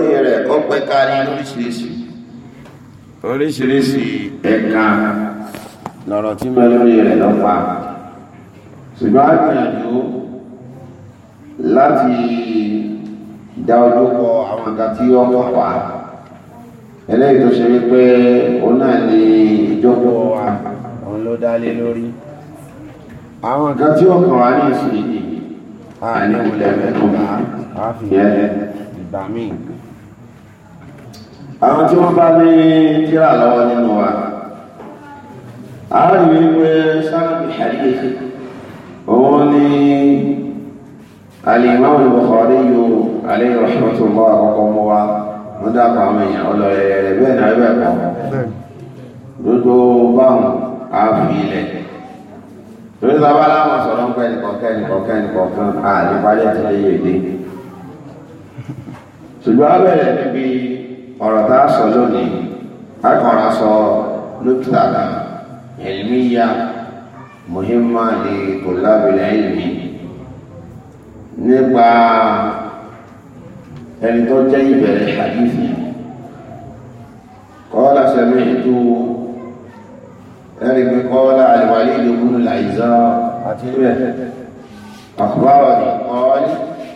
àkórí rẹ̀ ó pẹ́ kárí lóríṣiríṣi oríṣiríṣi ẹ̀ka lọ̀rọ̀ tí mo lórí rẹ̀ lọ́pa ṣùgbọ́n a gbìyànjú láti dá ojú kọ àwọn nǹkan tí ó kọ̀ wá eléyìí tó ṣe wípé òun náà ni ìjókòó wa òun ló dá lé lórí àwọn nǹkan tí ó kàn ní ìsìn yìí àní ìwòlẹ̀ mẹ́nu bá a fi yẹn ìgbà míì àwọn tí wọ́n bá ní tíra lọ́wọ́ nínú wa àwọn ìwé pé sáàbì hadith òun ni alimami Bukhari yóò alayhi rahmatullah àkọ́kọ́ mọ́ wa wọ́n dápọ̀ àwọn èèyàn ọlọ́rẹ̀ rẹ̀ bẹ́ẹ̀ náà bẹ́ẹ̀ kọ́ gbogbo báwọn ààfin ilẹ̀ lórí sábà láwọn sọ̀rọ̀ ń pẹ́ nìkọ̀kẹ́ nìkọ̀kẹ́ nìkọ̀kan àdìparí àti lẹ́yìn èdè ṣùgbọ́n abẹ́rẹ́ níbi ọ̀rọ̀ tá a sọ lónìí a kọ̀ra sọ lókìtà náà ẹ̀lmíyà muhimma li tulabil ilmi nípa ẹni tó jẹ́ ìbẹ̀rẹ̀ hadithi kọ́lá sami'tu ẹni pé kọ́lá al-Walid ibn al-Aiza àti bẹ́ẹ̀ akhbarani qala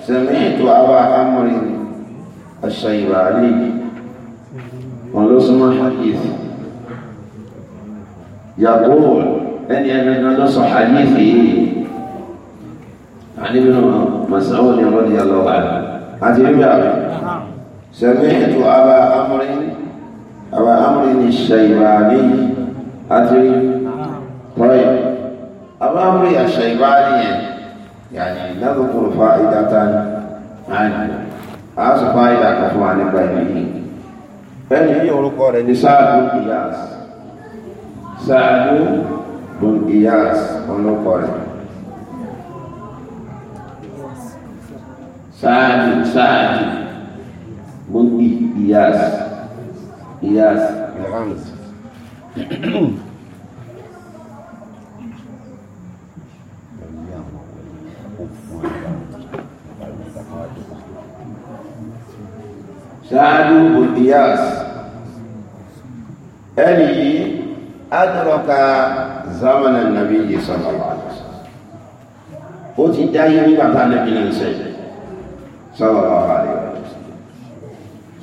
sami'tu Aba Amr الشيباني wọn ló súnmọ́ hadith yàgò ẹni ẹgbẹ̀gbẹ̀ ló sọ hadith yìí àníbínú masáwò ní ọlọ́dí yàlọ́wà àti rígbà sẹ̀mẹ́ẹ̀tù àbá amúrin àbá amúrin ní ṣàìbáàní àti tọ́yì àbá amúrin àṣàìbáàní yẹn yàní lẹ́gbẹ̀kùn fa'idatan àti àásù fa'idà kan fún wa nípa ìlú yìí ẹni ní orúkọ rẹ̀ ní sáàdù ìyáàs sáàdù bùn ìyáàs orúkọ rẹ̀ sáàdù sáàdù ìyáàs ìyáàs ìyáàs káàlù bùdíyàs ẹni yìí adọ́rọ̀ka zamana nàbí yìí sallallahu alaihi wasallam ó ti dáyé nígbà tá nàbí náà sẹ́ sallallahu alaihi wasallam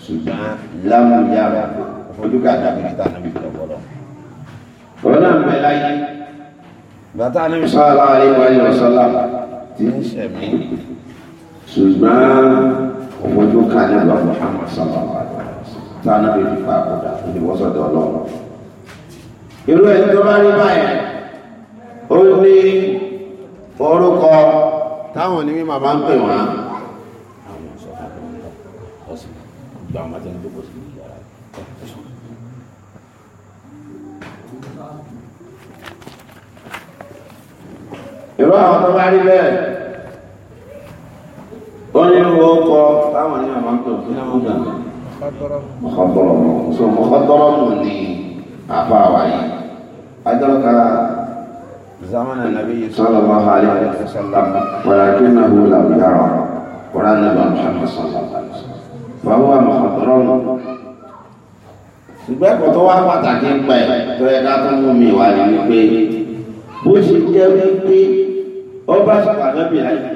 ṣùgbọ́n lámúyàrá ojú ká dàbí tá nàbí fọlọ́fọlọ́ ọ̀nà mẹ́láyé bàtà nàbí ṣùgbọ́n òun ló kà ní àlọ́ Muhammad sallallahu alaihi wa sallam tá a náà lè fa àkọ́dà ìdíwọ́sọ̀dọ̀ ọlọ́run. irú ẹni tó bá rí báyẹn ó ní orúkọ táwọn onímọ̀ máa bá ń pè wọ́n. irú àwọn tó bá ó ní owó kọ táwọn ní màmá tó fún ìgbà mọ̀kọ́tọ́rọ̀ mọ̀ so mọ̀kọ́tọ́rọ̀ mọ̀ ní àpá àwáyé adọ́ka زمن النبي صلى الله عليه وسلم ولكنه لم يرى قرآن محمد صلى الله عليه وسلم فهو مخضرم ṣùgbọ́n ẹ̀kọ́ tó wá pàtàkì ń pa ẹ̀ tó yẹ ká tún mú mi wà ní wípé bó ṣe jẹ́ wípé ọba ṣàpàdé bìí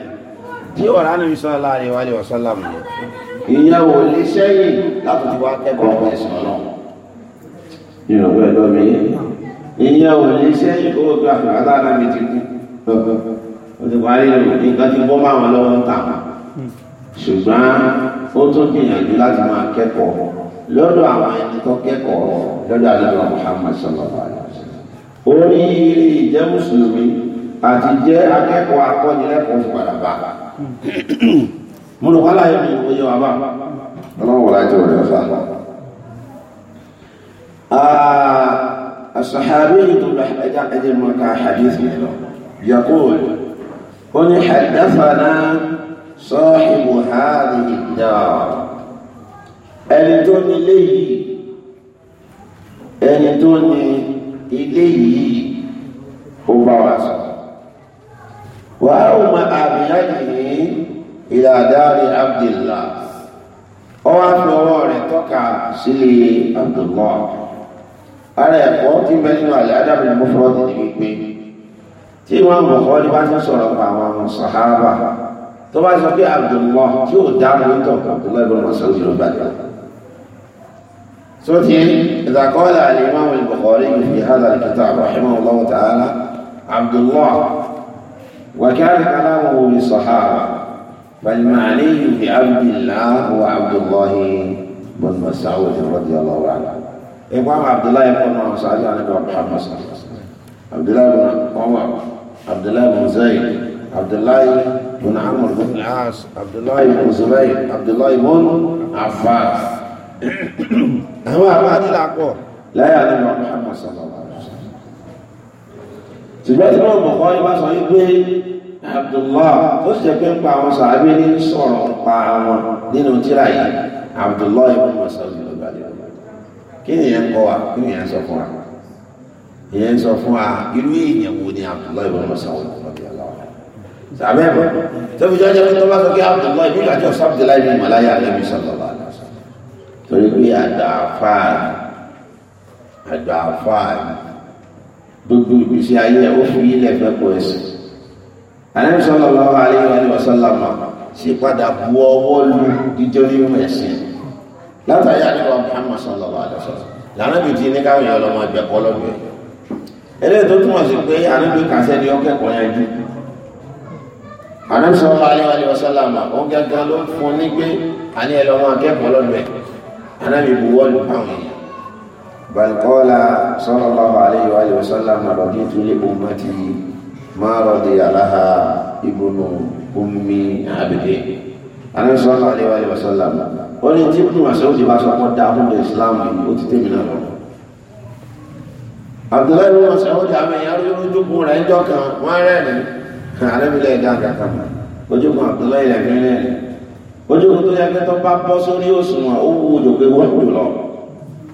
tí ọ̀rá Ànábì sallallahu alaihi wasallam lọ ìyẹn ò lè sẹ́yìn láti ti wá kẹ́kọ̀ọ́ ọ̀pọ̀ ẹ̀sìn ọlọ́run nínú ọ̀pọ̀ ẹ̀dọ́ mi ìyẹn ò lè sẹ́yìn kó o gbà alára mi ti kú o ti parí nǹkan ti bọ́ máwọn lọ́wọ́ ń tà ṣùgbọ́n ó tún gbìyànjú láti máa kẹ́kọ̀ọ́ lọ́dọ̀ àwọn ẹni tó kẹ́kọ̀ọ́ lọ́dọ̀ àdúrà Muhammad sallallahu alaihi wasallam orí ìjẹ́ mùsùlùmí àti jẹ́ akẹ́kọ̀ọ́ akọ́nilẹ́kọ̀ọ́ fún padà bàbá mo rò wálá yóò yóò yọ wá bá. ọlọ́run wọlé àjọ rẹ̀ fà. الصحابي أجل مكة حديث يقول قل حدثنا صاحب هذه الدار ẹni tó ní ilé yìí ẹni tó ní ilé yìí ó bá wa sọ وأوم أبيده إلى دار عبد الله وأفور تقع سلي عبد الله أنا يقول تبين على الأدب المفرد لبيبي tí wọ́n mọ̀ kọ́ ní bá ti sọ̀rọ̀ pa àwọn ọmọ sàhábà tó bá sọ pé Abdullah tí ó dá mú tọ̀ Abdullah ibn Mas'ud ló bá dá sóti ìdàkọ́lẹ̀ al-Imam al-Bukhari fi hadha al-kitab rahimahullah ta'ala Abdullah وكان كلامه للصحابة فالمعني بعبد الله هو عبد الله بن مسعود رضي الله عنه إمام عبد الله بن مسعود عن محمد صلى الله عليه وسلم عبد الله بن عمر عبد الله بن زيد عبد الله بن عمرو بن العاص عبد الله بن زبير عبد الله بن عباس هو ما لا يعلم محمد صلى الله عليه وسلم ṣùgbọ́n tí wọ́n mọ̀kọ́ ibá sọ yí pé Abdullah tó ṣe pé ń pa àwọn sàábé ní sọ̀rọ̀ ń pa àwọn nínú tíra yìí Abdullah ibn Mas'ud lọ́gbà lè wọ́n kí ni ìyẹn kọ́ wa kí ni ìyẹn sọ fún wa ìyẹn sọ fún wa irú èèyàn wo ni Abdullah ibn Mas'ud lọ́gbà lọ́wọ́ sàbẹ̀ bọ̀ tó fi jọ́jọ́ pé tó bá sọ pé Abdullah ibn àjọ sábdìlá ibi màláyà lẹ́bi sọ̀rọ̀ lọ́wọ́ torí pé àgbà àfáà àgbà àfáà gbogbo ìgbésí ayé ó fi ilẹ̀ fẹ́ pọ̀ ẹ̀sìn ànábì sallallahu alaihi wa sallam ṣe padà bu ọwọ́ lu jíjọ nínú ẹ̀sìn látàrí àdúrà Muhammad sallallahu alaihi wa sallam lànà bìí ti ní káwọn èèyàn lọmọ ẹgbẹ́ kọ́ lọ́gbẹ́ eléyìí tó túmọ̀ sí pé ànábì kàṣẹ́ ni ó kẹ́kọ̀ọ́ yẹn jù ànábì sallallahu alaihi wa sallam ó gẹ́gẹ́ ló fún ní pé àní ẹlọmọ akẹ́kọ̀ọ́ lọ́gbẹ́ ànábì buwọ́ lu àwọn èèyàn بل قال صلى الله عليه وآله وسلم رضيت لأمتي ما رضي لها ابن أم عبد أنا صلى الله عليه وآله وسلم wọ́n tí ibùdó masoud bá sọ pọ́ dáa fún islam yìí ó ti tẹ́mi náà lọ. abdullahi bin masoud àmì ìyáwó ojúkun rẹ̀ ńjọ́ kan wọ́n rẹ́rìn kan àrẹ́bílẹ̀ ẹ̀dá kankan ojúkun abdullahi rẹ̀ rẹ́rìn ojúkun tó yẹ kẹ́tọ́ bá bọ́ sórí òṣùwọ̀n ó wúwo jò pé wọ́n jù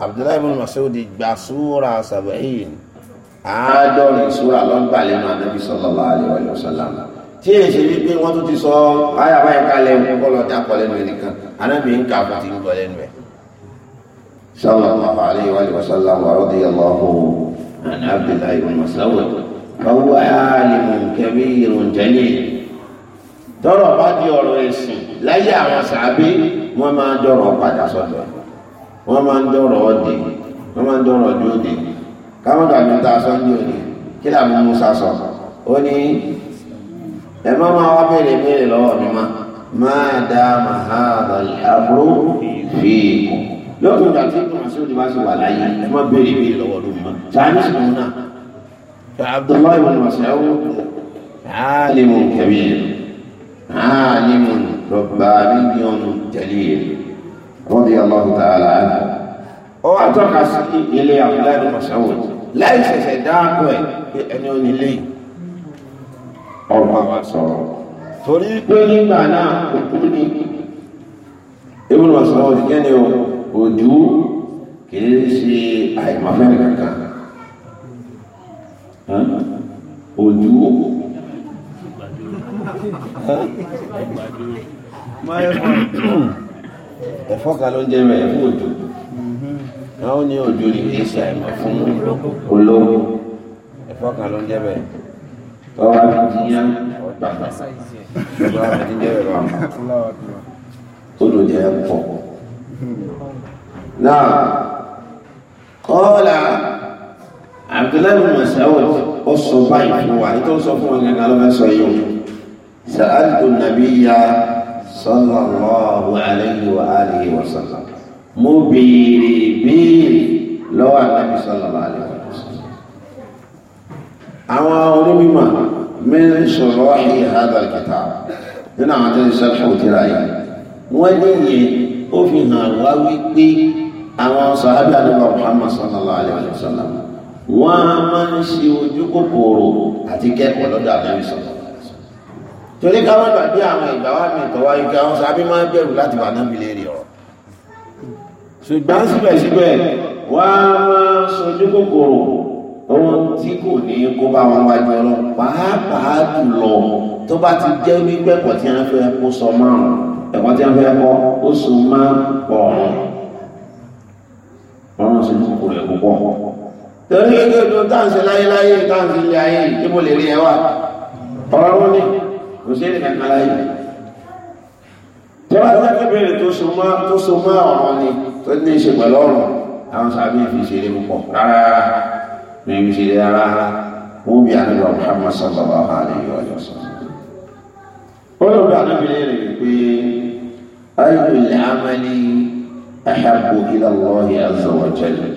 abdullahi ibn masoud gba súra sabahin àádọ́rin súra lọ́gbà lẹ́nu anabi sallallahu alaihi wa sallam tí èyí ṣe wípé wọ́n tún ti sọ ayé àbáyé kalẹ̀ ń kọ́ lọ dákọ̀ lẹ́nu ẹnìkan anabi ń kà fún ti ń bọ̀ lẹ́nu ẹ̀. sallallahu alaihi wa sallam wa radiyallahu an abdullahi ibn masoud fawọ́ alimun kabirun jalil tọ́rọ̀ bá di ọ̀rọ̀ ẹ̀sìn láyé àwọn sàábé wọ́n máa dọ̀rọ̀ padà sọ́dọ̀ wọ́n máa ń dọ̀rọ̀ ọ̀dẹ wọ́n máa ń dọ̀rọ̀ ọdún òde káwọn gbàgbé ta sọ ní òde kí làwọn musa sọ ó ní ẹ má máa wá béèrè béèrè lọ́wọ́ mi má máa dá màhàdà àbúrò fèèkù lókun ìgbà tí ìgbìmọ̀ sí òde bá sì wà láyé ẹ má béèrè béèrè lọ́wọ́ ọdún mi má sì mú náà Abdullahi ibn Mas'ud alimun kabir alimun rabbaniyun jalil. رضي الله تعالى عنه وأتوقع سيدي إلي عبد الله بن مسعود ليس سيداك أن يولي الله أكبر torí pé nígbà náà òkú ni Ibn Mas'ud kẹ́ni ojú kìí ṣe àìmọ̀fẹ́ni kankan ojú máa ń ẹ̀fọ́ kan ló ń jẹ́ bẹ́ẹ̀ fún òjò àwọn ní òjò ní kí ṣe àìmọ̀ fún olówó ẹ̀fọ́ kan ló ń jẹ́ bẹ́ẹ̀ tọ́wọ́ àbíyá ọgbà ṣùgbọ́n àwọn ti jẹ́ bẹ́ẹ̀ bá olù jẹ́ pọ̀ náà kọ́ọ̀là Abdullahi Mas'ud ó sọ báyìí fún wa nítorí sọ fún wọn gẹ́gẹ́ lọ́fẹ́ sọ yìí sa'altu nabiyya sallallahu alayhi wa alihi wa sallam mo béèrè béèrè lọ́wọ́ ànábì sallallahu alayhi wa sallam àwọn onímọ̀ mẹ́rin sọ̀rọ̀ ìhà hadal kitab nínú àwọn tó ń sẹ́kù tíra yìí wọ́n ní yẹn ó fi hàn wá wípé àwọn sàhábì àdúgbò Muhammad sallallahu alayhi wa sallam wọ́n máa ń ṣe ojú kòkòrò àti kẹ́kọ̀ọ́ lọ́dọ̀ ànábì sallallahu torí ká má gbàgbé àwọn ìgbà wà ní ìtọ́wá ike àwọn sábí máa ń bẹ̀rù láti bà náà bilé rí ọ̀rọ̀ ṣùgbọ́n síbẹ̀síbẹ̀ wá máa sojú kòkòrò ohun tí kò ní kó bá wọn wájú ọlọ́run pàápàá jùlọ tó bá ti jẹ́ wípé ẹ̀kọ́ tí wọ́n fẹ́ kó sọ márùn ẹ̀kọ́ tí wọ́n fẹ́ kọ́ ó so má ọ̀run ọ̀run sojú kòkòrò ẹ̀kọ́ pọ̀ torí gẹ́gẹ́ bí ó táǹsì láyé táǹsì ilé ayé ìdíbò lè rí ẹwà ọ̀rọ̀ ní kò sí ẹni kankan láyé tẹ́wà tó kẹ́kẹ́ bèèrè tó so mọ́ tó so mọ́ ọ̀rọ̀ ni tó ní í ṣe pẹ̀lú ọ̀rọ̀ àwọn sàbí fi ṣeré púpọ̀ rárá mi fi ṣeré rárá wọ́n bí àdúrà Muhammad sallallahu alayhi wa sallam ó lọ bí àdúrà bìnrin rẹ̀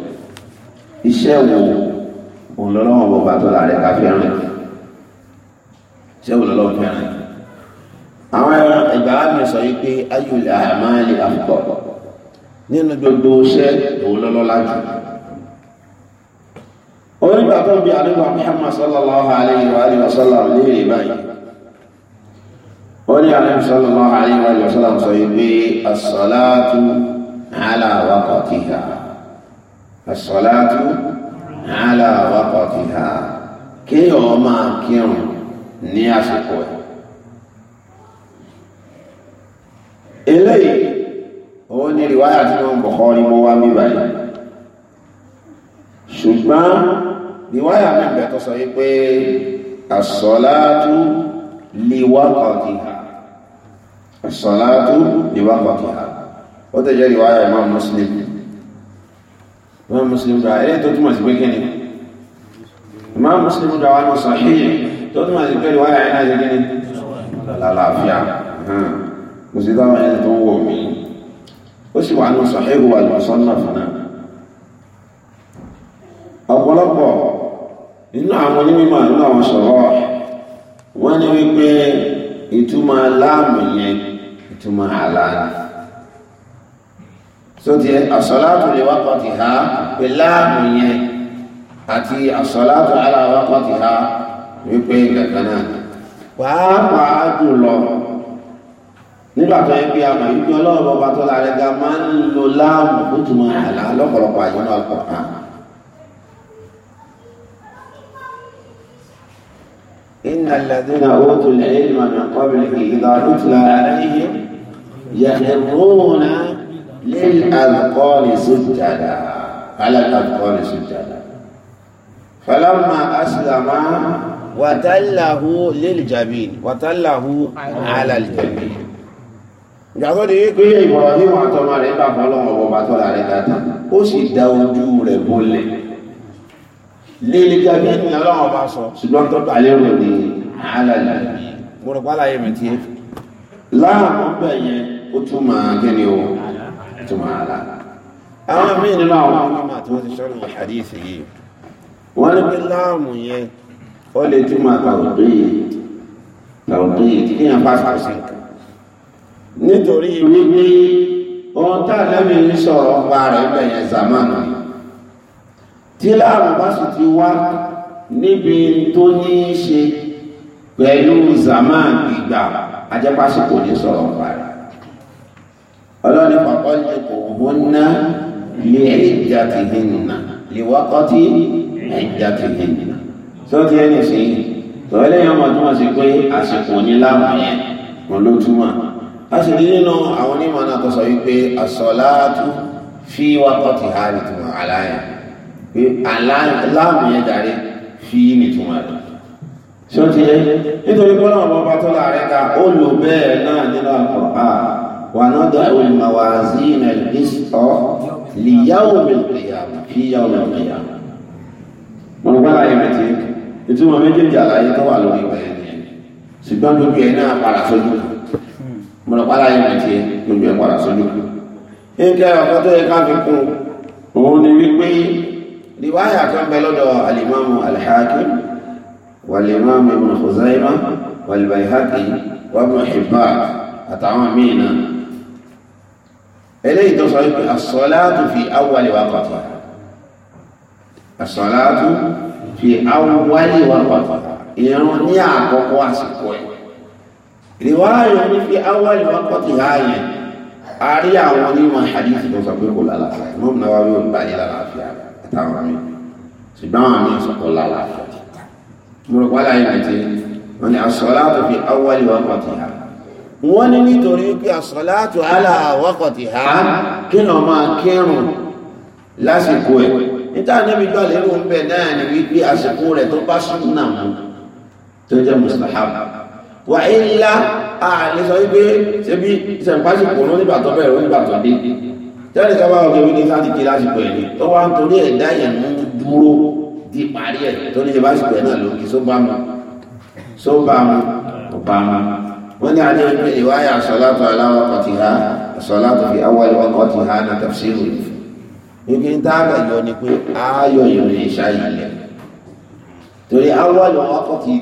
iṣẹ́ wo òun lọ́lọ́wọ́ bọ̀ bàtọ́ láàrẹ̀ ká fẹ́ràn iṣẹ́ wo lọ́lọ́wọ́ fẹ́ràn àwọn ìgbà wa mi sọ yìí pé ayọ̀lẹ̀ àmàlẹ̀ àfọ̀ nínú gbogbo iṣẹ́ òun lọ́lọ́lá jù onígbà tó ń bi àdúgbò Muhammad sallallahu alayhi wa alihi wa sallam léèrè báyìí oní àdúgbò sallallahu alayhi wa alihi wa sallam sọ yìí pé as-salatu ala waqtiha as-salatu ala waqtiha kéèyàn máa kírun ní àsìkò ẹ̀ eléyìí òun ni rìwáyà tí wọ́n ń bọ̀kọ́ ni mo wá mí báyìí ṣùgbọ́n rìwáyà mi bẹ̀ tó sọ yìí pé àsọ̀látú liwaqatiha àsọ̀látú liwaqatiha ó tẹ̀jẹ́ rìwáyà Imam Muslim Imam Muslim gba eléyìí tó túmọ̀ sí pé kíni Imam Muslim gba wà ní sahih tó túmọ̀ sí pé rìwáyà yẹn kò sí táwọn ẹni tó ń wò mí ó sì wà ní sọ̀hẹ́rù àlùmọ̀sánná fúnà ọ̀pọ̀lọpọ̀ nínú àwọn onímọ̀ nínú àwọn sọ̀rọ̀ wọ́n ní wípé ìtumọ̀ aláàmù yẹn ìtumọ̀ aláàmù sóti àsọ̀látù lè wákọ̀ ti ha pé láàmù yẹn àti àsọ̀látù aláwákọ̀ ti ha wípé ìgbàgbọ́n náà pàápàá jùlọ nígbà tó yẹ pé a mọ̀ wípé ọlọ́run bọba tó lára ga máa ń lo láàmù tó tún máa hàn láà lọ́pọ̀lọpọ̀ àyè náà pọ̀ á. إن الذين أوتوا العلم من قبله إذا تتلى عليهم يخرون للأذقان سجدا على الأذقان سجدا فلما أسلم وتله للجبين وتله على الجبين ìgbàgbọ́ ni wípé Ibrahim àtọmọ rẹ̀ bá fún ọlọ́run ọba tó rà rẹ̀ gàtà ó sì da ojú rẹ̀ bólẹ̀ lílé gàgbé ní ọlọ́run ọba sọ ṣùgbọ́n tó bá lérò ní àhálàlà mo rò pálá yẹn mẹ́tí láàmú bẹ́ẹ̀ yẹn ni o tún máa là àwọn míì nínú àwọn ọmọ àti wọn ti sọ̀rọ̀ àdìsí yìí wọn ní pé láàmú yẹn ó lè tún máa tàwọn bíi kí yẹn bá sàṣẹ nǹkan nítorí wípé ohun tá lẹ́mí ń sọ̀rọ̀ ọba rẹ̀ bẹ̀yẹn zamana tí láàrùn bá sì ti wá níbi tó ní í ṣe pẹ̀lú zaman ìgbà ajẹ́pásíkò ní sọ̀rọ̀ ọba rẹ̀ ọlọ́ni pàpọ̀ ní kò hún ná lè ẹ̀jà ti hìnnà lè wọ́kọ́ tí ẹ̀jà ti hìnnà tó ti ẹni sí tọ́lẹ́yìn ọmọ tó wọ́n sì pé àsìkò ní láàmú yẹn kò ló túmọ̀ a sì rí nínú àwọn onímọ̀ náà tó sọ wípé àsọ̀láàtú fi wákọ̀tì ha nìtumọ̀ aláyà pé aláàmù yẹn darí fi nìtumọ̀ rẹ̀ ṣé ó ti yẹ nítorí bọ́lá ọ̀bọ̀ bá tó láàrin ká ó lò bẹ́ẹ̀ náà nínú àpò a wà náà dọ̀ ẹ̀wọ̀ ìmọ̀wá sí ilẹ̀ ìsọ̀ lìyàwó mi lìyà fi yàwó mi lìyà mọ̀lọ́pàá yìí ti gbogbo ẹ̀ padà sójú kú. nǹkan ọ̀kan tó yẹ ká fi kún òun ni wípé riwaya kan bẹ lọ́dọ̀ alimamu alhakim walimamu ibn khuzaima walibayhaqi wabn hibban àtàwọn míì náà eléyìí tó sọ wípé as-salatu fi awwali waqtiha as fi awwali waqtiha ìrún ní àkọ́kọ́ àsìkò ẹ̀ rìwáyọ̀ ní fi awọ́lì wọn kọ́ ti ráàyè àárí àwọn onímọ̀ hadithi tó sọ pé kò lálàáfíà mọ́ mi náwó yóò gbà ní lálàáfíà àtàwọn mi ṣùgbọ́n àwọn mi sọ pé lálàáfíà mo rò wálá yìí ti wọn ni asọ́láàtò fi awọ́lì wọn kọ́ ti ha wọ́n ní nítorí pé asọ́láàtò aláwọ̀kọ̀ ti ha kí lọ́ máa kírun lásìkò ẹ̀ níta níbi gbà lérò ń bẹ̀ náà ni wípé àsìkò rẹ̀ tó bá súnmọ́ tó jẹ́ mustahab wà á ńlá àlè sọ wípé ṣebí ìṣẹ̀ǹpáṣepọ̀ náà nígbà tó bẹ̀rẹ̀ nígbà tó dé tẹ́lẹ̀ kábà ọ̀gẹ̀ wí ní sáàtì kí lásìkò ẹ̀ ní tó wá ń torí ẹ̀ dá yẹn mú dúró di parí ẹ̀ tó ní ṣe básìkò ẹ̀ náà lókè sóbámu sóbámu ọ̀bámu wọ́n ní adé wípé ìwáyà sọ́látọ̀ aláwọ̀ kọ̀tìhá sọ́látọ̀ fi awọ́ ìwọ̀ kọ̀tìhá ní tafsiru ìfẹ́ wípé ń táàgà yọ ni pé ayọ̀ ìrìn ìṣáyìí lẹ̀ torí awọ́ ìwọ̀ kọ̀tì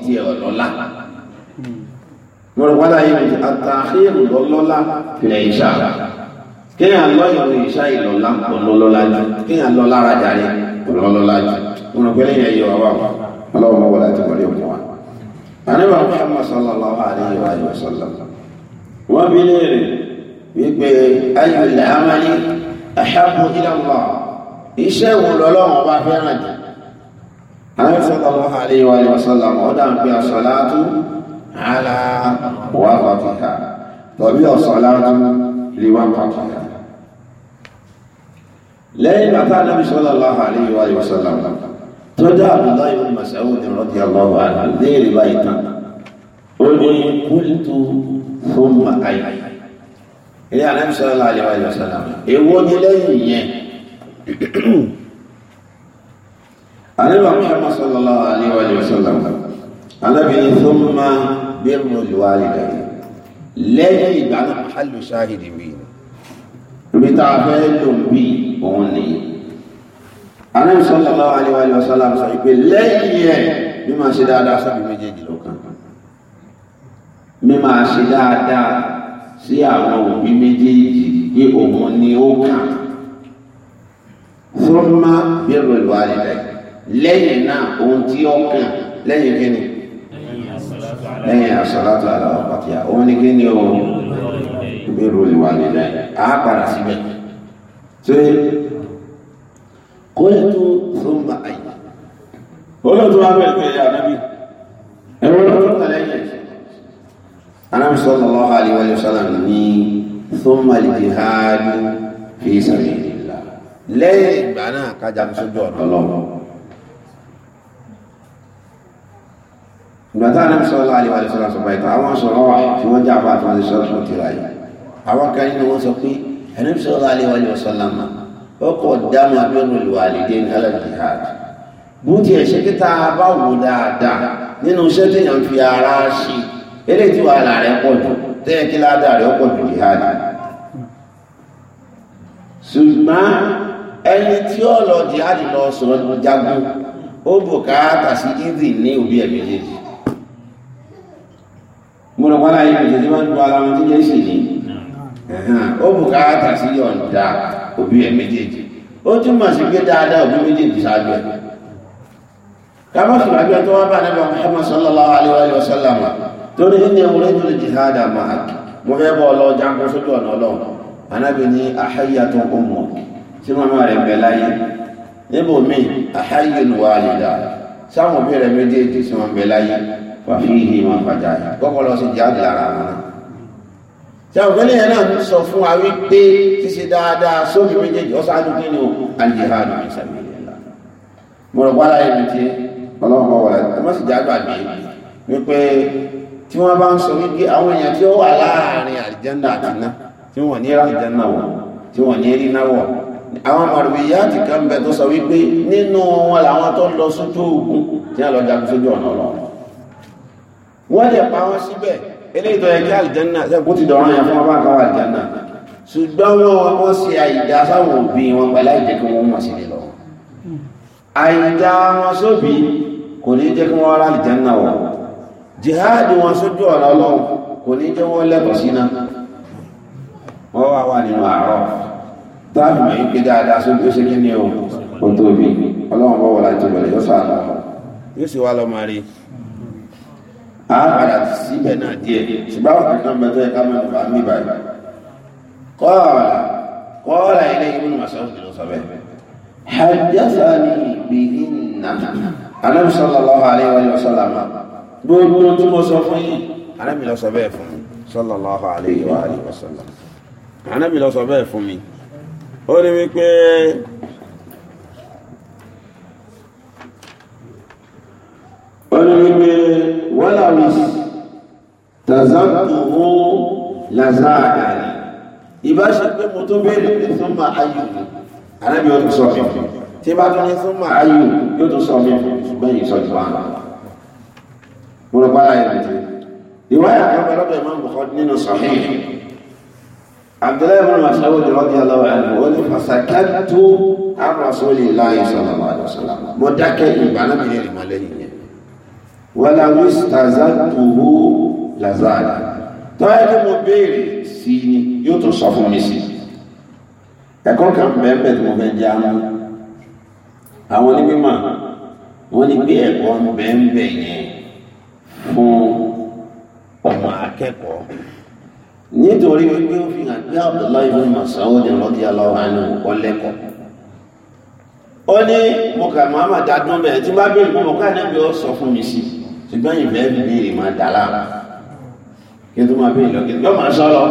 wọ́n rẹ̀ wádà yìí àtàkìrù lọ́lọ́lá fìlẹ̀ ìṣá kéèyàn lọ ìwé ìṣá ìlọ́lá ọlọ́lọ́lá jù kéèyàn lọ lára jàre ọlọ́lọ́lá jù wọ́n rẹ̀ pẹ́lẹ́ yẹn yọ wá wá ọlọ́run mọ́ wọlé àti wọlé òkú wa. àníbà Muhammad sallallahu alayhi wa sallam wọ́n bí léèrè wípé ayọ̀lẹ̀ amali ahabu ilallah iṣẹ́ wo lọ́lọ́run ọba fẹ́ràn jù. àníbà sallallahu على ورثتها طبيعة صلاة لورثتها لين أتى النبي صلى الله عليه وآله وسلم تدعى عبد الله بن مسعود رضي الله عنه ذي بيتا قل قلت ثم أي إلى النبي صلى الله عليه وآله وسلم إيوان إليه أنا محمد صلى الله عليه وآله وسلم أنا بن ثم bẹ́ẹ̀rù lòlùwà ìdá lẹ́yìn ìgbà náà hálù ṣáhìdì mi ibi tá a fẹ́ lò bí òun ni anábì sallallahu alaihi wa sallam sọ pé lẹ́yìn ẹ̀ bí máa ṣe dáadáa sábì méjèèjì lọ́kàn sí àwọn òbí méjèèjì pé òun ni ó kàn fúnmá bẹ́ẹ̀rù lòlùwà ìdá lẹ́yìn náà ohun tí ó kàn lẹ́yìn kí ni lẹ́yìn àṣàlátọ̀ àlàpàtìyà ó ní kí ni o ìbéèrè olùwà nílẹ̀ àápàdà síbẹ̀ ṣe kó ètò ṣùgbọ́n àyè olóòtú wa bẹ̀rẹ̀ pẹ̀lú ànábì ẹ̀rọ olóòtú wà lẹ́yìn anábì sallallahu alaihi wa sallam ní thumma al ìgbàtà ànábì sallallahu alaihi wa sallam sọ̀rọ̀ ìta àwọn sọ̀rọ̀ wà tí wọ́n jáfa àti wọ́n ti sọ̀rọ̀ fún tìrà yìí àwọn kan nínú wọn sọ pé ànábì sallallahu alaihi wa sallam ó kọ̀ dáná abẹ́rún ìwàlídé ní alájihad bó tiẹ̀ ṣe kí tá a bá wò dáadáa nínú iṣẹ́ téèyàn fi ara ṣe eléyìí tí wàhálà rẹ̀ pọ̀ jù tẹ́yẹ kí ládàá rẹ̀ pọ̀ jù jihad ṣùgbọ́n ẹni tí ó lọ jihad lọ sọ̀rọ̀ jagun ó bùkátà sí ìdí ní òbí ẹ̀ méjèèjì mo lọ wálá yìí kòtò tí wọ́n ju ara wọn tí yẹn sì ní ó bùkátà sí yọ̀ǹda òbí ẹ̀ méjèèjì ó túmọ̀ sí pé dáadáa òbí méjèèjì ṣáájú ẹ̀ kábọ̀ àjọ tó wọ́n bá nípa Muhammad sallallahu alayhi wa sallam torí ní ẹwùrẹ́ tó lè jihada máa mo fẹ́ bọ́ lọ jagun sójú ọ̀nà ọlọ́run anábì ní àháyà tó kún mọ́ tí màmá rẹ̀ bẹ̀ láyé níbo mi àháyà wàlìdà sáwọn wà fi ìhì wọn pàjá kọ́kọ́ lọ sí jáde lára wọn tí àwọn ọ̀gbẹ́lẹ̀ yẹn náà ń sọ fún wa wípé ṣíṣe dáadáa sóbi méjèèjì ọ̀sáájú kí ni o aljihadu ìsàmì ìlà mo rọ̀ wá láyé mi tí ọlọ́run kọ́ wọlé ẹ má sì já gbàgbé wípé tí wọ́n bá ń sọ wípé àwọn èèyàn tí ó wà láàrin àlìjẹ́ndà àti iná tí wọ́n ní àlìjẹ́ndà wọ̀ tí wọ́n ní rí náà wọ̀ tó sọ wípé nínú wọn làwọn tó lọ sójú ogun tí wọ́n lọ jagun sójú ọ̀nà ọlọ́run wọ́n dẹ̀ pa wọ́n síbẹ̀ eléyìí tó yẹ kí àlìjánà sẹ́kù ti dọ̀rọ̀ yẹn fún ọba kan àlìjánà ṣùgbọ́n wọn wọ́n ṣe àìdá sáwọn òbí wọn pẹ̀lú àìjẹ́ kí wọ́n mọ̀ sí lọ àìdá wọn sóbì kò ní jẹ́ kí wọ́n rá àlìjánà wọ̀ jihadi wọn sójú ọ̀nà ọlọ́run kò ní jẹ́ wọ́n lẹ́bọ̀ síná wọ́n wá wà nínú àárọ̀ táàbù mọ̀ yín pé dáadáa sóbì ó ṣe kí ni o kò tóbi ọlọ́run bọ́ wọ́n láti bọ̀lẹ̀ yóò sọ a padà ti síbẹ̀ náà díẹ̀ ṣùgbọ́n àwọn kan náà mẹ́fẹ́ ká mẹ́rin bá mí báyìí kọ́ọ̀lá kọ́ọ̀lá ilé ìwé ni màṣẹ́ òkè ló sọ bẹ́ẹ̀ hajjásánì bìí nà anábì sallallahu alaihi wa sallam gbogbo tí mo sọ fún yìí anábì sọ bẹ́ẹ̀ fún mi sallallahu alaihi wa sallam anábì lọ sọ bẹ́ẹ̀ fún mi ó ní wípé ọ̀nà wípé wọ́láwìs tàzákùnmú làzáàdà ìbáṣe pé mo tó bèèrè ní súnmà ayù arábí ó tún sọ mi tí bá tún ní súnmà ayù yóò tún sọ mi ṣùgbọ́n yìí sọ ìfà mo rọ̀ pàlà ìrìnàjò ìwáyà kan pẹ̀lú ọ̀dọ̀ ìmọ̀ bùkọ́ nínú sọ̀hìn Abdullahi ibn Mas'ud radiyallahu anhu ó ní fasakatu ar Rasulillahi sallallahu alaihi wasallam mo dákẹ́ ìgbà náà mi ní ìrìnmọ̀ lẹ́yìn Wala wíṣítàzá tòwó lazada tó yẹ kí mo béèrè sí ni yóò tún sọ fún mi sí ẹ̀kọ́ kan bẹ́ẹ̀ tí mo fẹ́ jẹ́ àwọn àwọn onímọ̀ wọ́n ní pé ẹ̀kọ́ bẹ́ẹ̀ yẹn fún ọmọ akẹ́kọ̀ọ́ nítorí wípé ó fi hàn pé Abdullahi ibn Mas'ud radiyallahu anhu ọlẹ́kọ̀ọ́ ó ní mo kà máa máa dá dún bẹ́ẹ̀ tí bá bẹ́ẹ̀ mo kà náà bí ó fún mi sí i ṣùgbọ́n ìfẹ́ béèrè máa dà láàmú kí tó máa béèrè lọ́kì yóò máa sọ̀rọ̀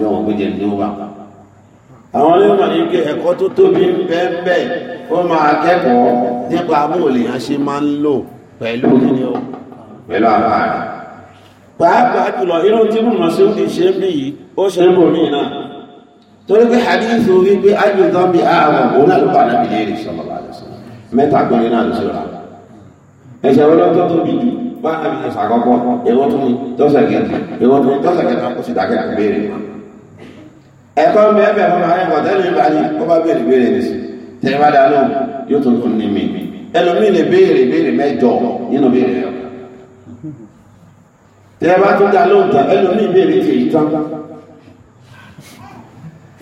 yóò wọ́n gbẹ́jẹ̀ ní wà. àwọn onímọ̀ ní pé ẹ̀kọ́ tó tóbi ń bẹ́ ń bẹ́ ó máa kẹ́kọ̀ọ́ nípa amóòlè yẹn ṣe máa ń lò pẹ̀lú kíni o pẹ̀lú àbá rẹ̀. pàápàá jùlọ irú tí mo mọ̀ sí ó ti ṣe é bí yìí ó ṣe é bòmí náà torí pé hadith orí pé ajọ́dọ́ bí àwọn òun náà ló bá nàbìlẹ̀ rẹ̀ sọ̀rọ̀ mẹ́ta gbọ́nrin náà ló ṣe rà ẹ̀ṣẹ̀ wọ́n lọ́tọ́ tóbi jù bá a bí ìṣàkọ́kọ́ ìwọ́n tún ní tọ́sẹ̀ kẹta ìwọ́n tún ní tọ́sẹ̀ kẹta kò sì dákẹ́ àgbèrè ẹ̀kọ́ bẹ́ẹ̀bẹ̀ fún àwọn ẹ̀kọ́ tẹ́lẹ̀ ìbàdí o bá bẹ̀rẹ̀ ìbéèrè nìsí tẹ́lẹ̀ bá dá lóhùn yóò tún fún ní mi ẹlòmíì lè béèrè béèrè mẹ́jọ nínú béèrè rẹ̀ tẹ́lẹ̀ bá tún dá lóhùn tán ẹlòmíì béèrè ti yìí tán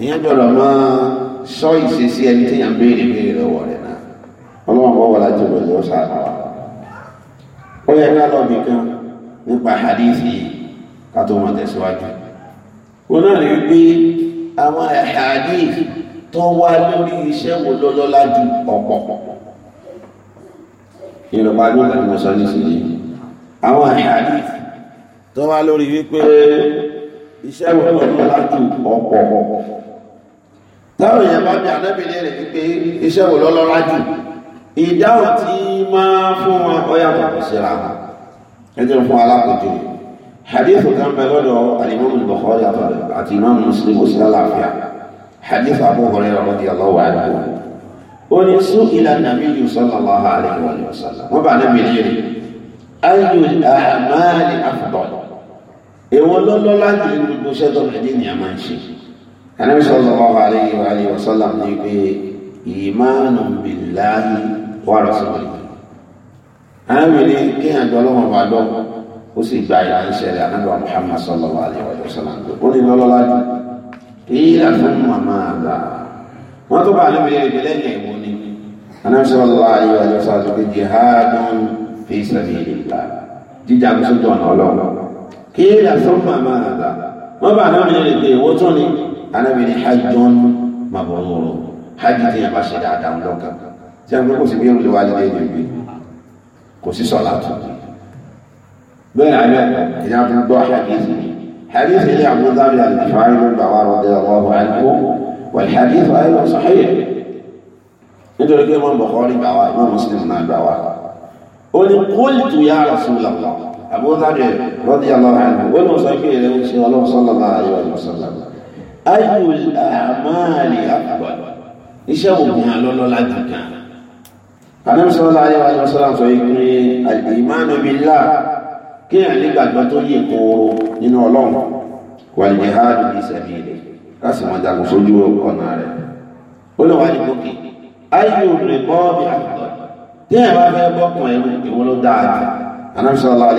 ìyẹn gbọ́dọ̀ máa sọ ìṣesí ẹni tí yàn béèrè béèrè lọ́wọ́ rẹ̀ náà ọlọ́wọ́n bọ́ wọlé àti ìbòjú ó sáà náà ó yẹ ká lọ nìkan nípa hadithi ká tó mọ̀ tẹ̀síwájú ó náà rí pé àwọn hadith tó wá lórí iṣẹ́ wo lọ́lọ́lá ju ọ̀pọ̀ ìrọ̀pá ló láti mọ̀ sọ nísìnyí àwọn hadith tó wá lórí wípé iṣẹ́ wo lọ́lọ́lá ju ọ̀pọ̀ táwọn èèyàn bá bí anábìlẹ̀ rẹ̀ wípé iṣẹ́ wo lọ́lọ́lá jù ìdáhùn tí máa fún wọn ọyà tàbí síra ẹjọ́ fún alákòjú hadithu kan bẹ lọ́dọ̀ alimami Bukhari àti imam Muslim òsì aláfíà hadithu Abu Hurairah radiyallahu anhu ó ní sú ila nabiyyi sallallahu alaihi wa sallam wọ́n bá níbi léèrè ayyu al-a'mali afdal èwọ́n lọ́lọ́lá jù gbogbo ṣẹ́tọ̀ nàìjíríà ni a máa ìmánu billahi wà lọ́sọ̀rọ̀ arábìnrin ní kí àjọ ọlọ́wọ́n bá dọ́ ó sì gba ìlà ń ṣẹlẹ̀ anábà Muhammad sallallahu alaihi wa sallam ó ní lọ́lọ́lá jù èyí là fún màmá àgbà wọ́n tó bá anábìnrin rẹ̀ lẹ́yìn ẹ̀wọ̀ ni anábì sallallahu alaihi wa sallam pé jihadun fi sabilillah jíjà ń sójú ọ̀nà ọlọ́run kí là fún màmá àgbà wọ́n bá anábìnrin rẹ̀ pé èwo tún ni anábìnrin hajjọ́n tí a ń gbé kò sí bí irun ìwádìí lè gbé kò sí sọ̀lá tó bẹ́ẹ̀ حديث إلي عبد الله بن الدفاعي بن رضي الله والحديث أيضا صحيح nítorí pé wọ́n bọ̀kọ́rí gbà wá ìmọ̀ muslim náà gbà wá ó ní qultu ya Rasulullah àbúrúdájú radiyallahu anhu ó ní sọ pé ìrẹ́ ṣe ọlọ́run sallallahu alaihi wa sallam ayyul a'mali Ànábì sallallahu alaihi wasallam sọ ìpín al-imanu billah kí èèyàn lè gbàgbọ́ tó yẹ kóró nínú ọlọ́run wal jihadu fi sabilihi káṣí wọn jagun sójú ọ̀nà rẹ̀ ó lè wá ní gòkè ayé òbí tó bá Ànábì sallallahu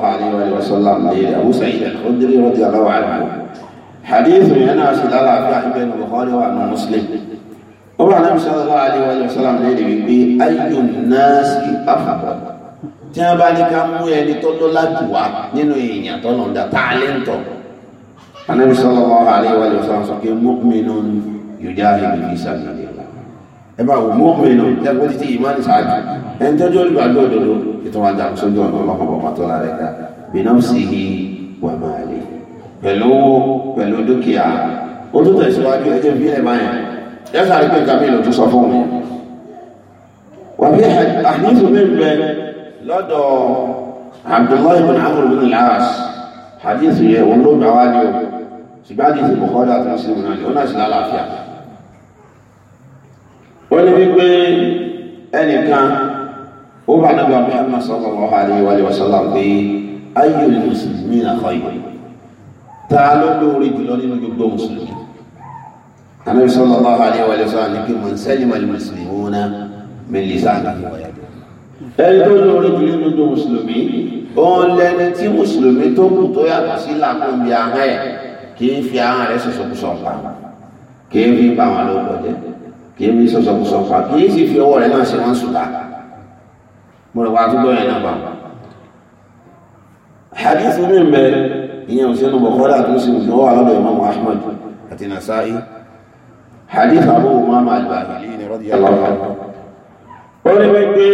alaihi wasallam lè Abu Sa'id al-Khudri radiyallahu anhu hadithu yẹn náà sì lálàáfíà ibẹ̀ ní bukhari wà ní muslim ó wà náà sallallahu alaihi wa sallam léde wípé ayyu nasi afqa tí wọ́n bá ní ká mú ẹni tó lọ́lá jù wá nínú èèyàn tó lọ́ndà tálẹ́ǹtọ̀ anabi sallallahu alaihi wa sallam sọ pé mu'minun yujahidu fi sabilillah ẹ bá wò mu'minun jẹ́pẹ́ títí ìmánì sáájú ẹni tọ́jú olùgbàgbọ́ òdodo ìtọ́wájà sójú ọ̀nà ọlọ́kọ̀ọ̀kọ̀ tó lára ẹ̀ka bi nafsihi wa malihi pẹ̀lú owó pẹ̀lú dúkìá ó tó tẹ̀síwájú ẹjẹ́ bí ẹ̀ máa yẹn yẹ́sà rí pé nǹkan mi lò tó sọ fún mi wà bí àdínsù mi bẹ lọ́dọ̀ Abdullahi bin Amr bin al-As àdínsù yẹ òun ló gbà wá ní o ṣùgbọ́n àdínsù Bukhari àti Muslim náà ni ó náà sì lálàáfíà ó ní wípé ẹnìkan ó bá nígbà Muhammad sallallahu alaihi wa sallam pé ayyul muslimina khayr ta ló lóore jùlọ nínú gbogbo mùsùlùmí anabi sallallahu alaihi wa sallam ní kí mọ̀ ń sẹ́yìn mọ̀ mùsùlùmí wọn náà mẹ́lì sáà ní ìwọ̀yà ẹni tó lóore jùlọ nínú gbogbo mùsùlùmí òun lẹni tí mùsùlùmí tó kù tó yàtọ̀ sí làkúnbi ahọ́n ẹ̀ kì í fi ahọ́n rẹ̀ sọ̀sọ̀kùsọ̀ pa kì í fi bá wọn lọ́wọ́ jẹ́ kì í fi sọ̀sọ̀kùsọ̀ pa kì í sì fi ọwọ́ rẹ̀ náà ṣe wọ́n sùn dáa mo rẹ̀ wá àtúgbọ́ yẹn náà bá hadith mi mẹ́rin ìyẹn òṣèlú nù bọ̀kọ́dà tó sì lọ wà lọ́dọ̀ Imam Ahmad àti Nasa'i hadith Abu Umama al-Bahili ni radiyallahu anhu ó ní wípé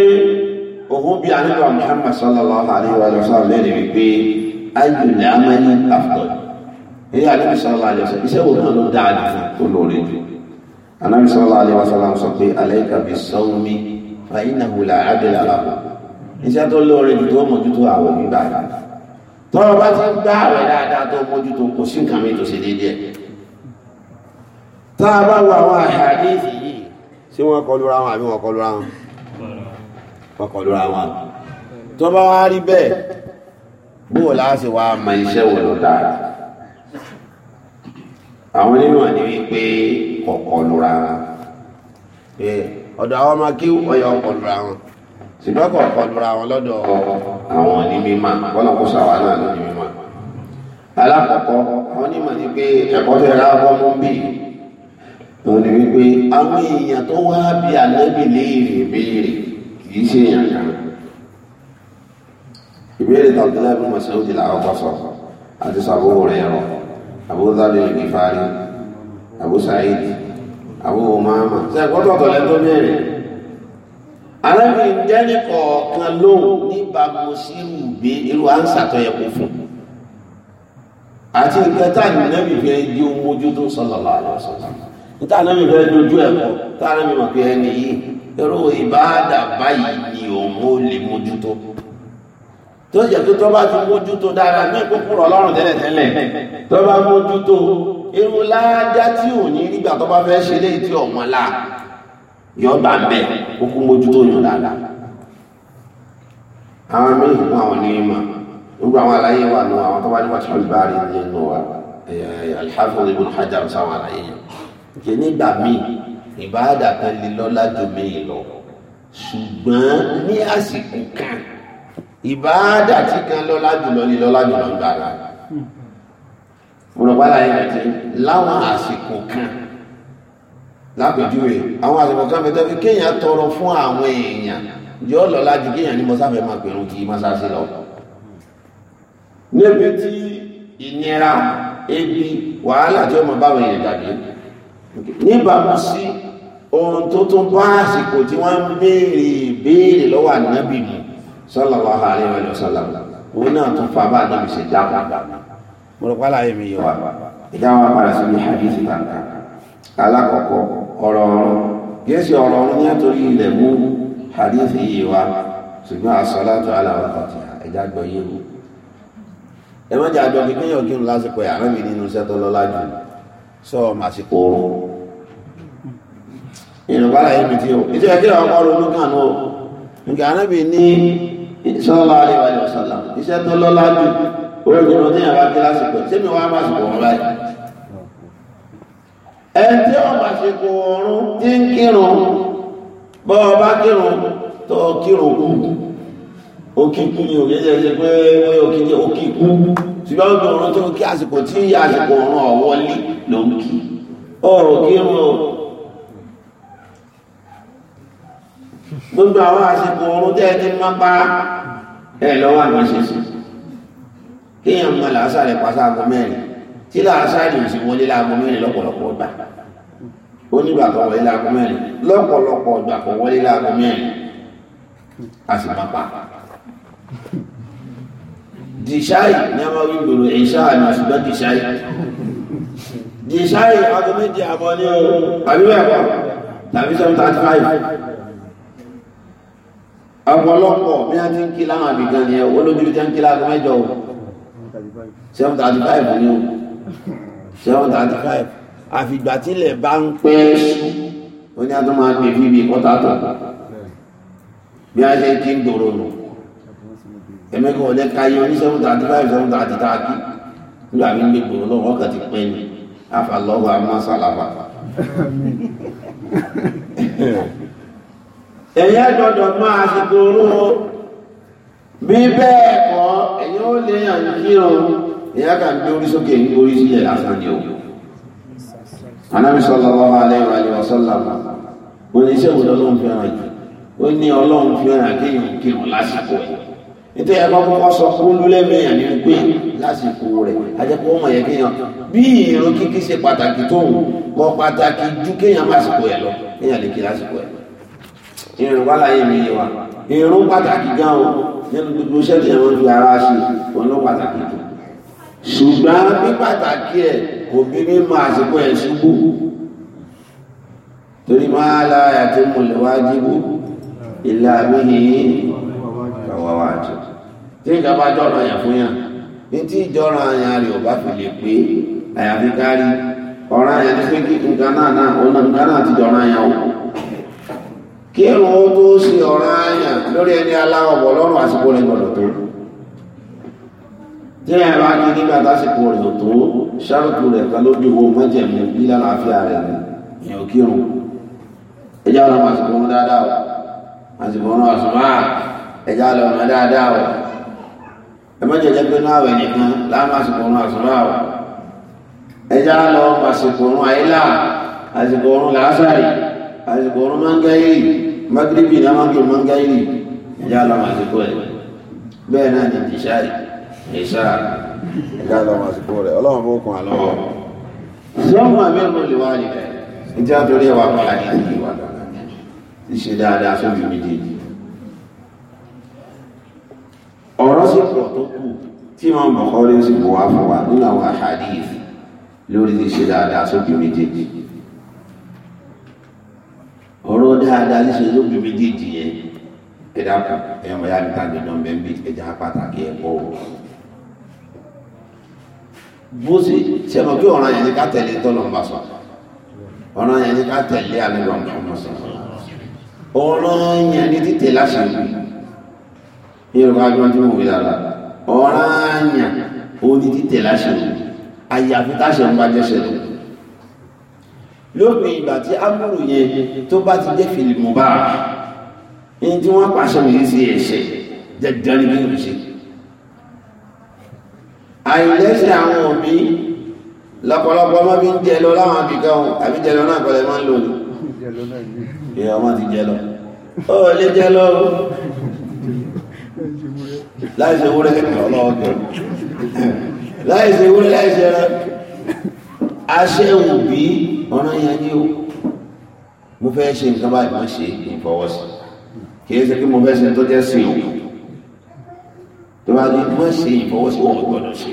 òun bí anílò Muhammad sallallahu alaihi wa sallam lẹ́nu wípé ayù ní amẹ́ni afdal èyí anílò sallallahu alaihi wa sallam iṣẹ́ wo kan ló dáa jù tó lóore jù anábì sallallahu alaihi wa sallam sọ pé alayka bis-sawmi fa innahu la adla tó lóore jù tó àwọn ìgbà tọ́rọ bá ti ń gbá rẹ̀ dáadáa tó mójú tó kò sí nǹkan mi tó ṣe dédé ẹ̀ tá a bá wo àwọn àhàdíìsì yìí ṣé wọ́n kọlu ra wọn àbí wọ́n kọlu ra wọn wọ́n kọlu wọn tó bá wá rí bẹ́ẹ̀ bóò láti wá mọ iṣẹ́ wò ló dára àwọn onímọ̀ ni wípé kọ̀kọlu ra wọn ọ̀dọ̀ àwọn ọmọ kí ọ̀yọ́ kọlu ra wọn ṣùgbọ́n kọ̀ọ̀kan lura wọn lọ́dọ̀ àwọn ní mímá bọ́lá kó sàwá náà ní mímá. alákọ̀ọ́kọ́ wọn ní mọ̀ ní pé ẹ̀kọ́ tó yẹra wọn mú bí wọn ní wípé àwọn èèyàn tó wá bí ànábì léèrè béèrè kì í ṣe èèyàn kan. ìbéèrè tàbí lábẹ́ mọ̀sẹ́wọ́dì làwọn kọ́ sọ àti sàbúrò rẹ̀ rọ̀ àbúrò dábìlì kìfárí àbúrò sàáyìdì àbúrò máàmà. ṣé tọ̀tọ̀ lẹ́ tó béèrè arábìnrin dẹ́rì kọ̀ọ̀kan lóhùn níbàámu sí irú ìgbé irú ánsà tó yẹ kó fún àti nǹkan tá àmì nẹ́bì fẹ́ di ohun mójú tó sallallahu alaihi wasallam níta nẹ́bì fẹ́ dojú ẹ̀kọ́ tá nẹ́bì mọ̀ pé ẹni yìí irú ìbáàdà báyìí ni òun ó lè mójú tó tó jẹ́ pé tó bá ti mójú tó dára ní ìkókòrò ọlọ́run tẹ́lẹ̀tẹ́lẹ̀ tó bá mójú tó irú láájá tí ò ní nígbà tó bá fẹ́ ṣe léyìí tí ọ̀mọ́lá yọ bá ń bẹ ó kú mójú tó yàn dáadáa àwọn míì fún àwọn ní ìmọ̀ gbogbo àwọn àlàyé wà nù àwọn tó wá ní wàtí wọn bá rí ní ẹnu wa alhafiz ibn hajar sáwọn àlàyé yẹn jẹ nígbà míì ìbáàdà kan lè lọ́lá ju míì lọ ṣùgbọ́n ní àsìkò kan ìbáàdà tí kan lọ́lá jùlọ ní lọ́lá jùlọ gbàrà mo rọ̀ bá láyé àti láwọn àsìkò kan lápèjúwe àwọn àṣẹ̀kọ̀kan mẹ́tọ́ fi kéèyàn tọrọ fún àwọn èèyàn yóò lọ láti kéèyàn ní mọ́sáfẹ́ máa pẹ̀rún kí mọ́sáṣe lọ níbi tí ìnira ebi wàhálà tí ó mọ̀ báwọn èèyàn dàbí níbàmú sí ohun tó tún bá àsìkò tí wọ́n ń béèrè ìbéèrè lọ́wọ́ ànábì mu sallallahu alaihi wa sallam òun náà tún fa bá ànábì ṣe dáadáa mo rò pálá yẹn mi yọ wa ìdáwọn apára sí ní hadith kankan alákọ̀ọ́kọ́ ọ̀rọ̀ ọ̀run gẹ́sì ọ̀rọ̀ ọ̀run ní àtòrí ilẹ̀ mú hadith yìí wá ṣùgbọ́n as-salatu ala waqtiha ẹ̀já gbọ́ yé mu ẹ má jà jọ kí kéèyàn kí n lásìkò ẹ̀ àrẹ́bì nínú iṣẹ́ tó lọ́lá jù sọ màsìkò oorun ìrùbá là yé mi tí o ìṣe kí ọmọ ronú kàn ó nǹkan àrẹ́bì ní sọ́lá àríwá ìwọ̀sọ̀lá iṣẹ́ tó lọ́lá jù ó rẹ̀ gbọ́dọ̀ ní ẹ̀rọ akílásìkò sẹ́mi wá màsìkò wọn báyìí ẹtí ọba ṣe kò ọrún tí ń kírun bọ́ ọba kírun tó kírun kú òkìkú ni òkèjẹ ṣe pé wọ́n yóò kíjẹ òkìkú ṣùgbọ́n ó gbọ́n tó kí àsìkò tí ìyá àsìkò ọrún ọ̀wọ́lé ló ń kí ọ̀rọ̀ kírun gbogbo àwọn àsìkò ọrún tẹ́ ẹni máa ẹ̀ lọ́wọ́ àmọ́ ṣe sí kéèyàn mọ́ làásà rẹ̀ àgọ́ mẹ́rin tí làásàrì ò sì wọlé láago mẹ́rin lọ́pọ̀lọpọ̀ ọgbà ó nígbà kan wọlé láago mẹ́rin lọ́pọ̀lọpọ̀ ọgbà kan wọlé láago mẹ́rin a sì máa pa dìṣáì ní a máa wí gbòòrò ìṣáà ní àṣùgbọ́n dìṣáì dìṣáì aago méjì àbọ̀ ní o àbí bẹ́ẹ̀ kọ́ tàbí seven thirty five ọ̀pọ̀lọpọ̀ bí a ti ń kí láwọn àbìkan yẹn olójú ti ń kí láago mẹ́jọ o seven thirty five ní o seven thirty five àfìgbà tílẹ̀ bá ń pẹ́ o ní àtọ́ máa gbé bíbí kọ́tà tó bí a ṣe kí ń gbòòrò nù ẹ̀mí kan ò lè ka yọ ní seven thirty five seven thirty thirty nígbà mi ń gbé gbòòrò lọ́wọ́ ọkàn ti pẹ́ ni àfàlọ́wọ́ amásàlábà ẹ̀yà gbọ́dọ̀ máa ti gbòòrò bí bẹ́ẹ̀ kọ́ ẹ̀yìn ó lè yàn ìyá kan gbé orí sókè ní orí sílẹ̀ lásán ni o anábì sallallahu alaihi wa sallam wọn ní sẹ́wọ̀n ọlọ́run fẹ́ràn jù ó ní ọlọ́run fẹ́ràn kéèyàn kéèyàn lásìkò ẹ̀ nítorí ẹ̀ kọ́kọ́ wọ́n sọ fún lúlẹ́mìíràn ní pé lásìkò rẹ̀ ajẹ́pọ̀ ọmọ yẹn kéèyàn bí ìrún kíkí ṣe pàtàkì tó ń kọ pàtàkì ju kéèyàn lásìkò ẹ̀ lọ kéèyàn lè kí lásìkò ẹ̀ ìrìn wà láyé mi wa ìrún pàtàkì gan o nínú gbogbo iṣẹ́ tí ẹ̀ wọ́n fi ara ṣe òun ló pàtàkì jù ṣùgbọ́n ní pàtàkì ẹ̀ kò bí mímọ̀ àsìkò ẹ̀ ṣubú torí máa láyà tí mo lè wájibú ìlà mi ní kàwàwájú tí ìjọba jọ́rọ̀ àyà fún yàn ní tí ìjọ́rọ̀ àyà rẹ̀ ò bá fi lè pé àyàfi kárí ọ̀rọ̀ àyà ní pé kí nǹkan náà náà ọ̀nà nǹkan náà ti tí ẹ bá ní nígbà tásìkò rẹ̀ tó ṣáàtù rẹ̀ kan ló dìwọ́ mọ́jẹ̀mú bí lálàáfíà rẹ̀ ni èèyàn ò kírun ẹjá lọ màsìkò wọn dáadáa o màsìkò wọn àsùnmá ẹjá lọ wọn dáadáa o ẹ má jẹjẹ pé náà wẹ̀ nìkan láàmásìkò wọn àsùnmá o ẹjá lọ màsìkò wọn àyílà àsìkò wọn làásàrì àsìkò wọn mángẹ́yì magrebi náà mángẹ́yì ìṣá ìgbà lọ́mọ àsìkò rẹ̀ ọlọ́run fún okùn àlọ́ sọ́mù àmẹ́rin olè wá ní rẹ̀ ìjà torí ẹwà pàlà ní àyè wa ṣíṣe dáadáa sóbi méjèèjì ọ̀rọ̀ sí ọ̀rọ̀ tó kù tí wọ́n mọ̀ ọ́ lé sí buwá fún wa nínú àwọn àhàdíf lórí ṣíṣe dáadáa sóbi méjèèjì ọ̀rọ̀ dáadáa ṣíṣe sóbi méjèèjì yẹn ẹ̀dá ẹ̀yàn bóyá níta gbẹ̀dọ̀ mẹ́bí ẹ̀já pàtàkì ẹ̀kọ́ òkú bó sì ṣe mọ̀ pé ọ̀ràn yẹn ni ká tẹ̀lé tọ́lọ́mbà sọ ọ̀ràn yẹn ni ká tẹ̀lé alẹ́lọ́mbà sọ ọ̀ràn yẹn ni títẹ̀ láṣẹ yorùbá bí wọ́n ti mú mi lára ọ̀ràn yẹn òun ni títẹ̀ láṣẹ àyàfi táṣẹ ń bá jẹ́ṣẹ̀ lọ lópin ìgbà tí amúrù yẹn tó bá ti jẹ́ fìlìmù bá ní tí wọ́n pàṣẹ mi sí ẹ̀ṣẹ̀ jẹ́ jẹ́ bí wọ́n ṣe àìlẹ́sìn àwọn òbí lọ́pọ̀lọpọ̀ ọmọ bí ń jẹ lọ láwọn abìkan àbí jẹ lọ náà kọlẹ̀ máa ń lò ní ìyá ọmọ ti jẹ lọ ó lè jẹ lọ láìsẹ̀ wúrẹ́ ọlọ́ọ̀kẹ́ láìsẹ̀ rẹ̀ aṣẹ́ òbí ọ̀nà yẹn ni ó mo fẹ́ ṣe nǹkan báyìí má ṣe ìfọwọ́sí kì tó bá ní mọ́ ṣe ìfọwọ́síwọ̀ gbọ́dọ̀ ṣe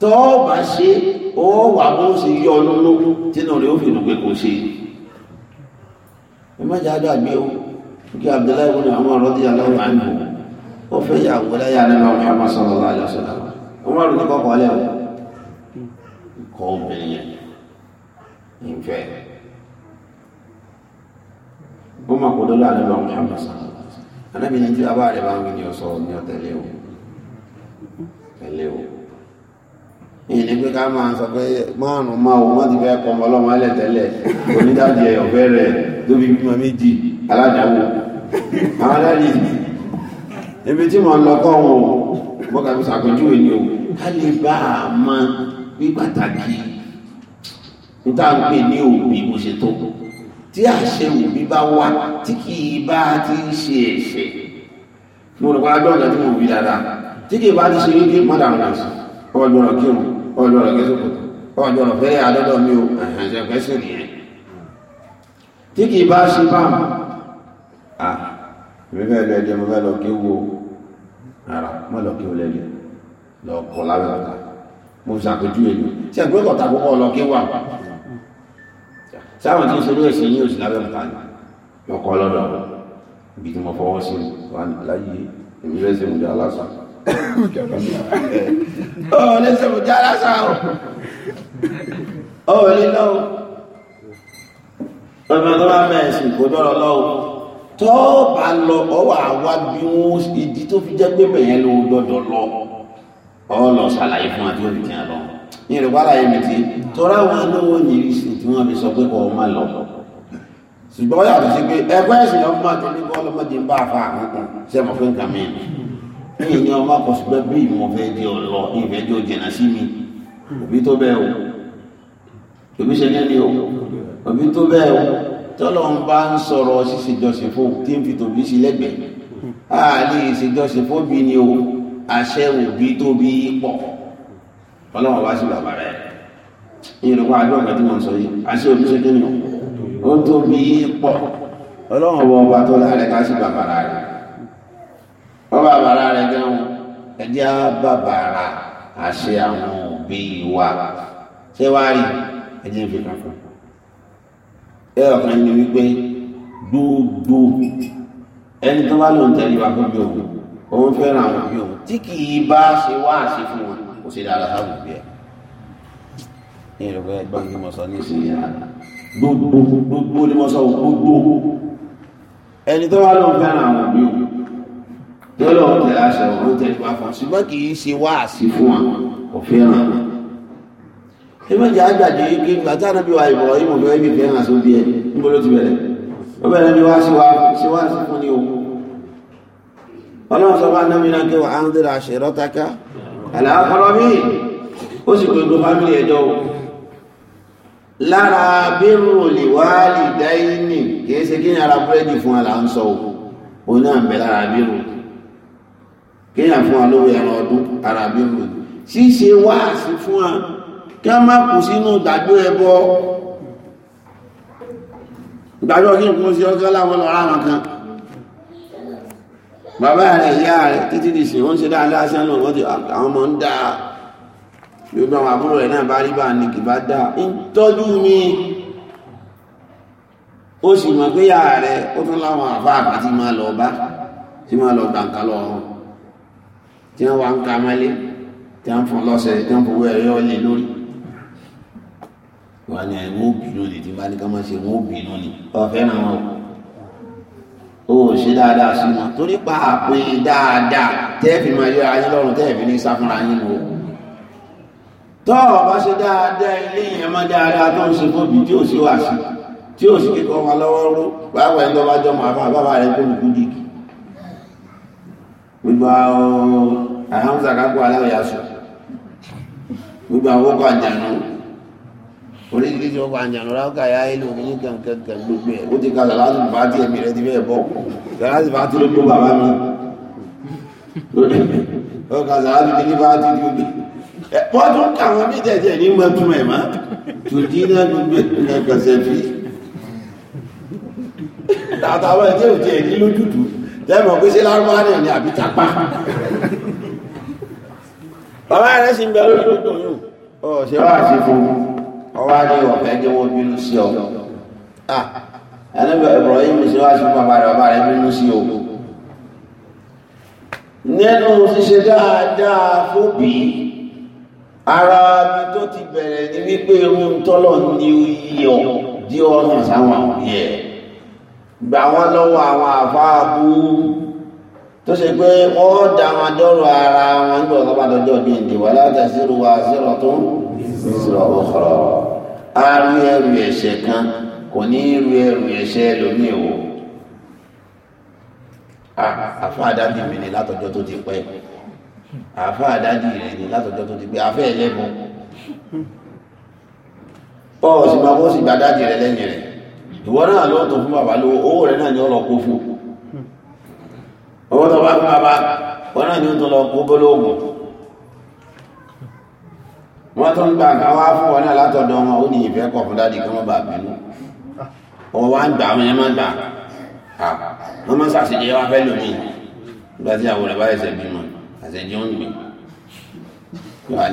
tọ́ bá ṣe ó wà bó ṣe yọ ọdún lógún tínú rẹ̀ ó fi dùgbẹ́ kò ṣe ìmọ̀jà dàgbé o kí Abdullahi wọn àwọn ọ̀rọ̀ díẹ̀ lọ́wọ́ àná ó fẹ́ yà wọ́n láyé àdáná Muhammad sallallahu alaihi wasallam wọn rò ní kọ́kọ́ lẹ́wọ̀ kọ́ obìnrin yẹn ìfẹ́ ó mọ̀ anábì ní tí bàbá rẹ̀ bá ń gbìyànjú sọ̀rọ̀ ní ọ̀tẹ̀lé o tẹ̀lé o ìní pé ká máa sọ pé márùn-ún máa wọ́n má ti fẹ́ kọ́ ọmọ ọlọ́mọ alẹ́ tẹ́lẹ̀ onídàájì o fẹ́ do tó fi bímọ méjì aládàáwò àwọn adáàdì ibi tí mo ń lọ kọ́ wọn o mo kà fi ṣàpèjúwe ni o ká lè bá a mọ ní pàtàkì níta ń pè ní òbí mo ṣe tó tí àṣẹ òbí bá wá tí kì í bá ti ṣe ẹ̀ṣẹ̀ mo rò pa ajọ́ ọ̀gá tí mo wí dáadáa tí kì í bá ti ṣe wípé mọ́dà ń lọ́sùn ọjọ́ ọ̀rọ̀ kírun ọjọ́ ọ̀rọ̀ kẹsùkù ọjọ́ ọ̀rọ̀ fẹ́rẹ́ adọ́dọ̀ mi ò ẹ̀hẹ̀ṣẹ̀ fẹ́sùn nìyẹn tí kì í bá ṣe bá mu à mi fẹ́ lọ ẹjẹ mo fẹ́ lọ kí wo ara mo lọ kí wo lẹ́yìn sáwọn tí ń ṣerú ẹ̀sìn yìí òsì lábẹ́ mọ̀ta ni ọkọ̀ ọlọ́dọ̀ ibi tí mo fọwọ́ sí láyé èmi fẹ́ ṣe mùjá lásà ọ̀ lè ṣe mùjá lásà ọ̀ ọ̀ lè lọ́wọ́ ọmọ tó bá bẹ̀rẹ̀ sí kò dọ́rọ̀ lọ́wọ́ tó bá lọ ọwọ́ àwa bí wọ́n ìdí tó fi jẹ́ pé bẹ̀yẹn ló gbọ́dọ̀ lọ ọ lọ ṣàlàyé fún àti òbí tí a lọ́wọ́ ní ìrẹ̀wá láyé mi ti tọ́ra wọn lówó ní ìrísí tí wọ́n fi sọ pé kọ́ ọmọ lọ ṣùgbọ́n yàtọ̀ sí pé ẹgbẹ́ ẹ̀sìn ọmọ àti oníkọ́ ọlọ́mọdé ń bá àfa àkọ́kọ́ sí ẹ̀mọ́ fún nǹkan mìíràn ní ìyẹn ọmọ kọ ṣùgbọ́n bí ìmọ̀ fẹ́ di ọ̀lọ́ ìfẹ́ di òjìnà sí mi òbí tó bẹ́ẹ̀ o òbí ṣe lẹ́ni o òbí tó bẹ́ẹ̀ o tọ́lọ̀ ń bá ń sọ̀rọ̀ ṣíṣe jọ́sìn fún tí ń fi tòbí sí lẹ́gbẹ̀ẹ́ àlè ìṣèjọ́sìn fún bí ni o àṣẹ òbí tó bí pọ̀ ọlọ́wọ́ bá sì bàbá rẹ̀ ìyẹn lọ́pọ̀ àjọ ọ̀gá tí wọ́n sọ yìí àṣẹ oníṣẹ́ kí ni ó tóbi pọ̀ ọlọ́wọ́ bọ̀ ọba tó láàrẹ̀ ká sí bàbá rẹ̀ wọ́n bàbá rẹ̀ gan ẹjẹ́ bàbá rà àṣẹ àwọn òbí wa ṣé wàá rí ẹjẹ́ fi kàn fún ẹ ọ̀kan ni wípé gbogbo ẹni tó bá lóun tẹ̀lé wa fún bí òun òun fẹ́ràn àwọn òbí òun tí kì í bá ṣe wá àṣẹ fún wa kò sí dára sáàbù bí ẹ ní ìrògbé ẹgbọ́n kí mo sọ ní ìsinyìí gbogbo gbogbo ni mo sọ gbogbo ẹni tó wá lọ fẹ́ràn àwọn òbí òun tó lọ tẹ̀lé aṣọ òun tẹ̀lé wá fún ṣùgbọ́n kì í ṣe wáàsí fún wa kò fẹ́ràn àwọn ìmọ̀jì àgbàjì kí n gbàtà náà bí wa ìbọ̀rọ̀ yìí mo fẹ́ bí fẹ́ràn sí bí ẹ níbo ló ti bẹ̀rẹ̀ ó bẹ̀rẹ̀ bí wá sí wa sí wá sí fún ni òun ọlọ́run sọ fún anáwó iná kí wọ́n á ń dèrò àṣẹ rọ́tàkà àlàáfọ́rọ́ míì ó sì gbogbo fámílì ẹjọ́ lára bírù olèwàálì dáínì kìí ṣe kí ní ara búrẹ́dì fún àlà ń sọ o náà bẹ̀ lára bírù kí ní àfún alówó ẹ̀rọ ọdún ara bírù ṣíṣe wáàsí fún a kí a má kù sínú ìgbàgbó ẹbọ ìgbàgbó kí n ọjọ́ láwọn lọ́ra àwọn kan bàbá rẹ̀ ìyá rẹ̀ títí di sìn wọ́n ṣe dáadáa sí àwọn ọmọdé àwọn ọmọ ń dá gbogbo àwọn àbúrò rẹ̀ náà bá rí bá ní kì bá dá ń tọ́jú mi ó sì mọ̀ pé ìyá rẹ̀ ó tún láwọn àbá àbá ti máa lọ bá tí máa lọ gbàǹkà lọ ọ̀hún tí wọ́n wá ń ka mẹ́lẹ́ tí wọ́n fún lọ́sẹ̀ tí wọ́n fowó ẹ̀rí ọ̀lẹ̀ lórí wọ́n á ní òbí lónìí tí wọ́n bá ní ká má ṣe wọ́n òbí lónìí ọ̀fẹ́ náà wọ́n o ṣe dáadáa sí wọn torí pa àpín dáadáa tẹ́ẹ̀fì máa yọ ayé lọ́rùn tẹ́ẹ̀fì ní sáfúnra yín o tọ́ ọ ṣe dáadáa ilé yẹn mọ́ dáadáa tó ń ṣe fóbi tí ò sí wà sí tí ò sí kíkọ́ wọn lọ́wọ́ ró pàápàá ẹni tó rẹ lùkú gbogbo àwọn àhámsà kápò gbogbo oríṣiríṣi ọkọ̀ àjànú ráúkà yá ilé òní ní kankankan gbogbo ẹ̀ ó ti ka sàlátì bá ti ẹ̀mí rẹ̀ ti fẹ́ bọ̀ sàlátì bá ti ló tó bàbá mi ó ka sàlátì bí ní bá ti di omi wọ́n tún kà wọ́n bí tẹ̀tẹ̀ ní mọ́tò ẹ̀ má tòdí náà gbogbo ẹ̀ kọ̀sẹ̀ fi tàtàwọn ẹ̀jẹ̀ òjì ẹ̀ ní lójútù tẹ́mọ̀ pé ṣe lárúbá náà ni àbí tapá bàbá rẹ̀ sì ń bẹ lórí lójútù yìí ṣe wá ṣe fún un ọwọ́ adé ọ̀fẹ́ jẹ́ wọ́n bínú sí ọ. ẹnìbẹ̀ Ibrahim ṣe wá sí bàbá rẹ̀ bàbá rẹ̀ bínú sí o. nínú ṣíṣe dáadáa fóbì ara mi tó ti bẹ̀rẹ̀ ní wípé irun tọ́lọ̀ ní oyè ọ̀ di ọ̀nà sáwọn òbí gbà wọ́n lọ́wọ́ àwọn àfáà tó ṣe pé wọ́n dá wọn dọ́rọ̀ ara wọn nígbà wọn bá dọjọ́ bí èdè wà látàsírò wa zero tó zero ọ̀rọ̀ arú ẹrù ẹ̀ṣẹ̀ kan kò ní irú ẹrù ẹ̀ṣẹ̀ lómi ìwò àfáà dádì mi ni látọjọ́ tó ti pẹ́ àfáà dádì rẹ̀ ni látọjọ́ tó ti pẹ́ àfẹ́ ẹlẹ́bùn ọ̀ọ̀sì máa bó sì gba rẹ̀ lẹ́yìn rẹ̀ ìwọ náà ló fún bàbá lówó owó rẹ̀ náà ni ọ̀rọ̀ fún owó tó bá fún bàbá wọn náà ni ó tó lọ kó gbólóògùn wọ́n tó ń gbà ká wá fún wọn náà látọ̀dọ̀ wọn ó ní ìfẹ́ kọ̀ fún dádì kí wọ́n bà bínú ọwọ́ wá ń gbà wọn yẹn máa ń gbà wọ́n máa ń ṣàṣejẹ́ wá fẹ́ lómi nígbà tí àwọn ọ̀rẹ́ bá ẹsẹ̀ bímọ àṣejẹ́ ń gbìn wà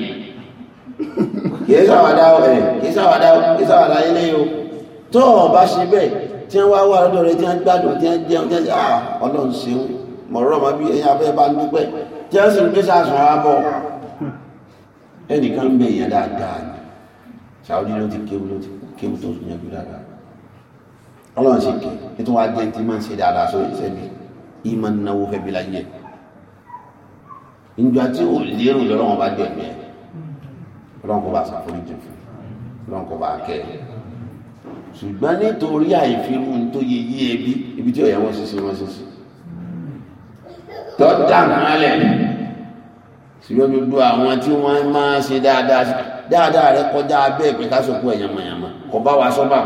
ní kìí sàwádá ẹ̀ kìí sàwádá kìí sàwádá ilé o tó o bá ṣe bẹ́ẹ̀ tí wọ́n wá lọ́dọ̀ rẹ̀ tí wọ́n gbádùn tí wọ́n jẹun tí wọ́n jẹ́ ah ọlọ́run ṣeun mọ̀rọ̀ ma bí ẹ̀yà abẹ́ bá dúpẹ́ tí wọ́n sì ń gbéṣà sọ̀rọ̀ abọ́ ẹnìkan bẹ èèyàn dáadáa ni sàwọ́dí ló ti kéwu ló ti kéwu tó yẹn kú dáadáa ọlọ́run ṣe kẹ́ ẹ tó wá jẹ́ tí máa ń ṣe dáadáa sórí ìṣẹ́bi ìmọ̀ náwó fẹ́ bí láyé ìjọ àti òlérò lọ́rọ̀ wọn bá jẹ̀ mẹ́rin ọlọ́run kò bá ṣàforíjì fún ọlọ́run kò bá kẹ́ ẹ̀ ṣùgbọ́n nítorí àìfihàn tó yẹ yí ebi ibi tí ọ̀yà wọn ṣiṣẹ́ wọn ṣiṣẹ́ tọ́jà kan lẹ̀ ṣùgbọ́n gbogbo àwọn tí wọ́n máa ń ṣe dáadáa dáadáa rẹ kọjá abẹ́ ìpín ká sọ̀kú ẹ̀yàn mọ̀yàmọ̀ kò bá wa sọ́bà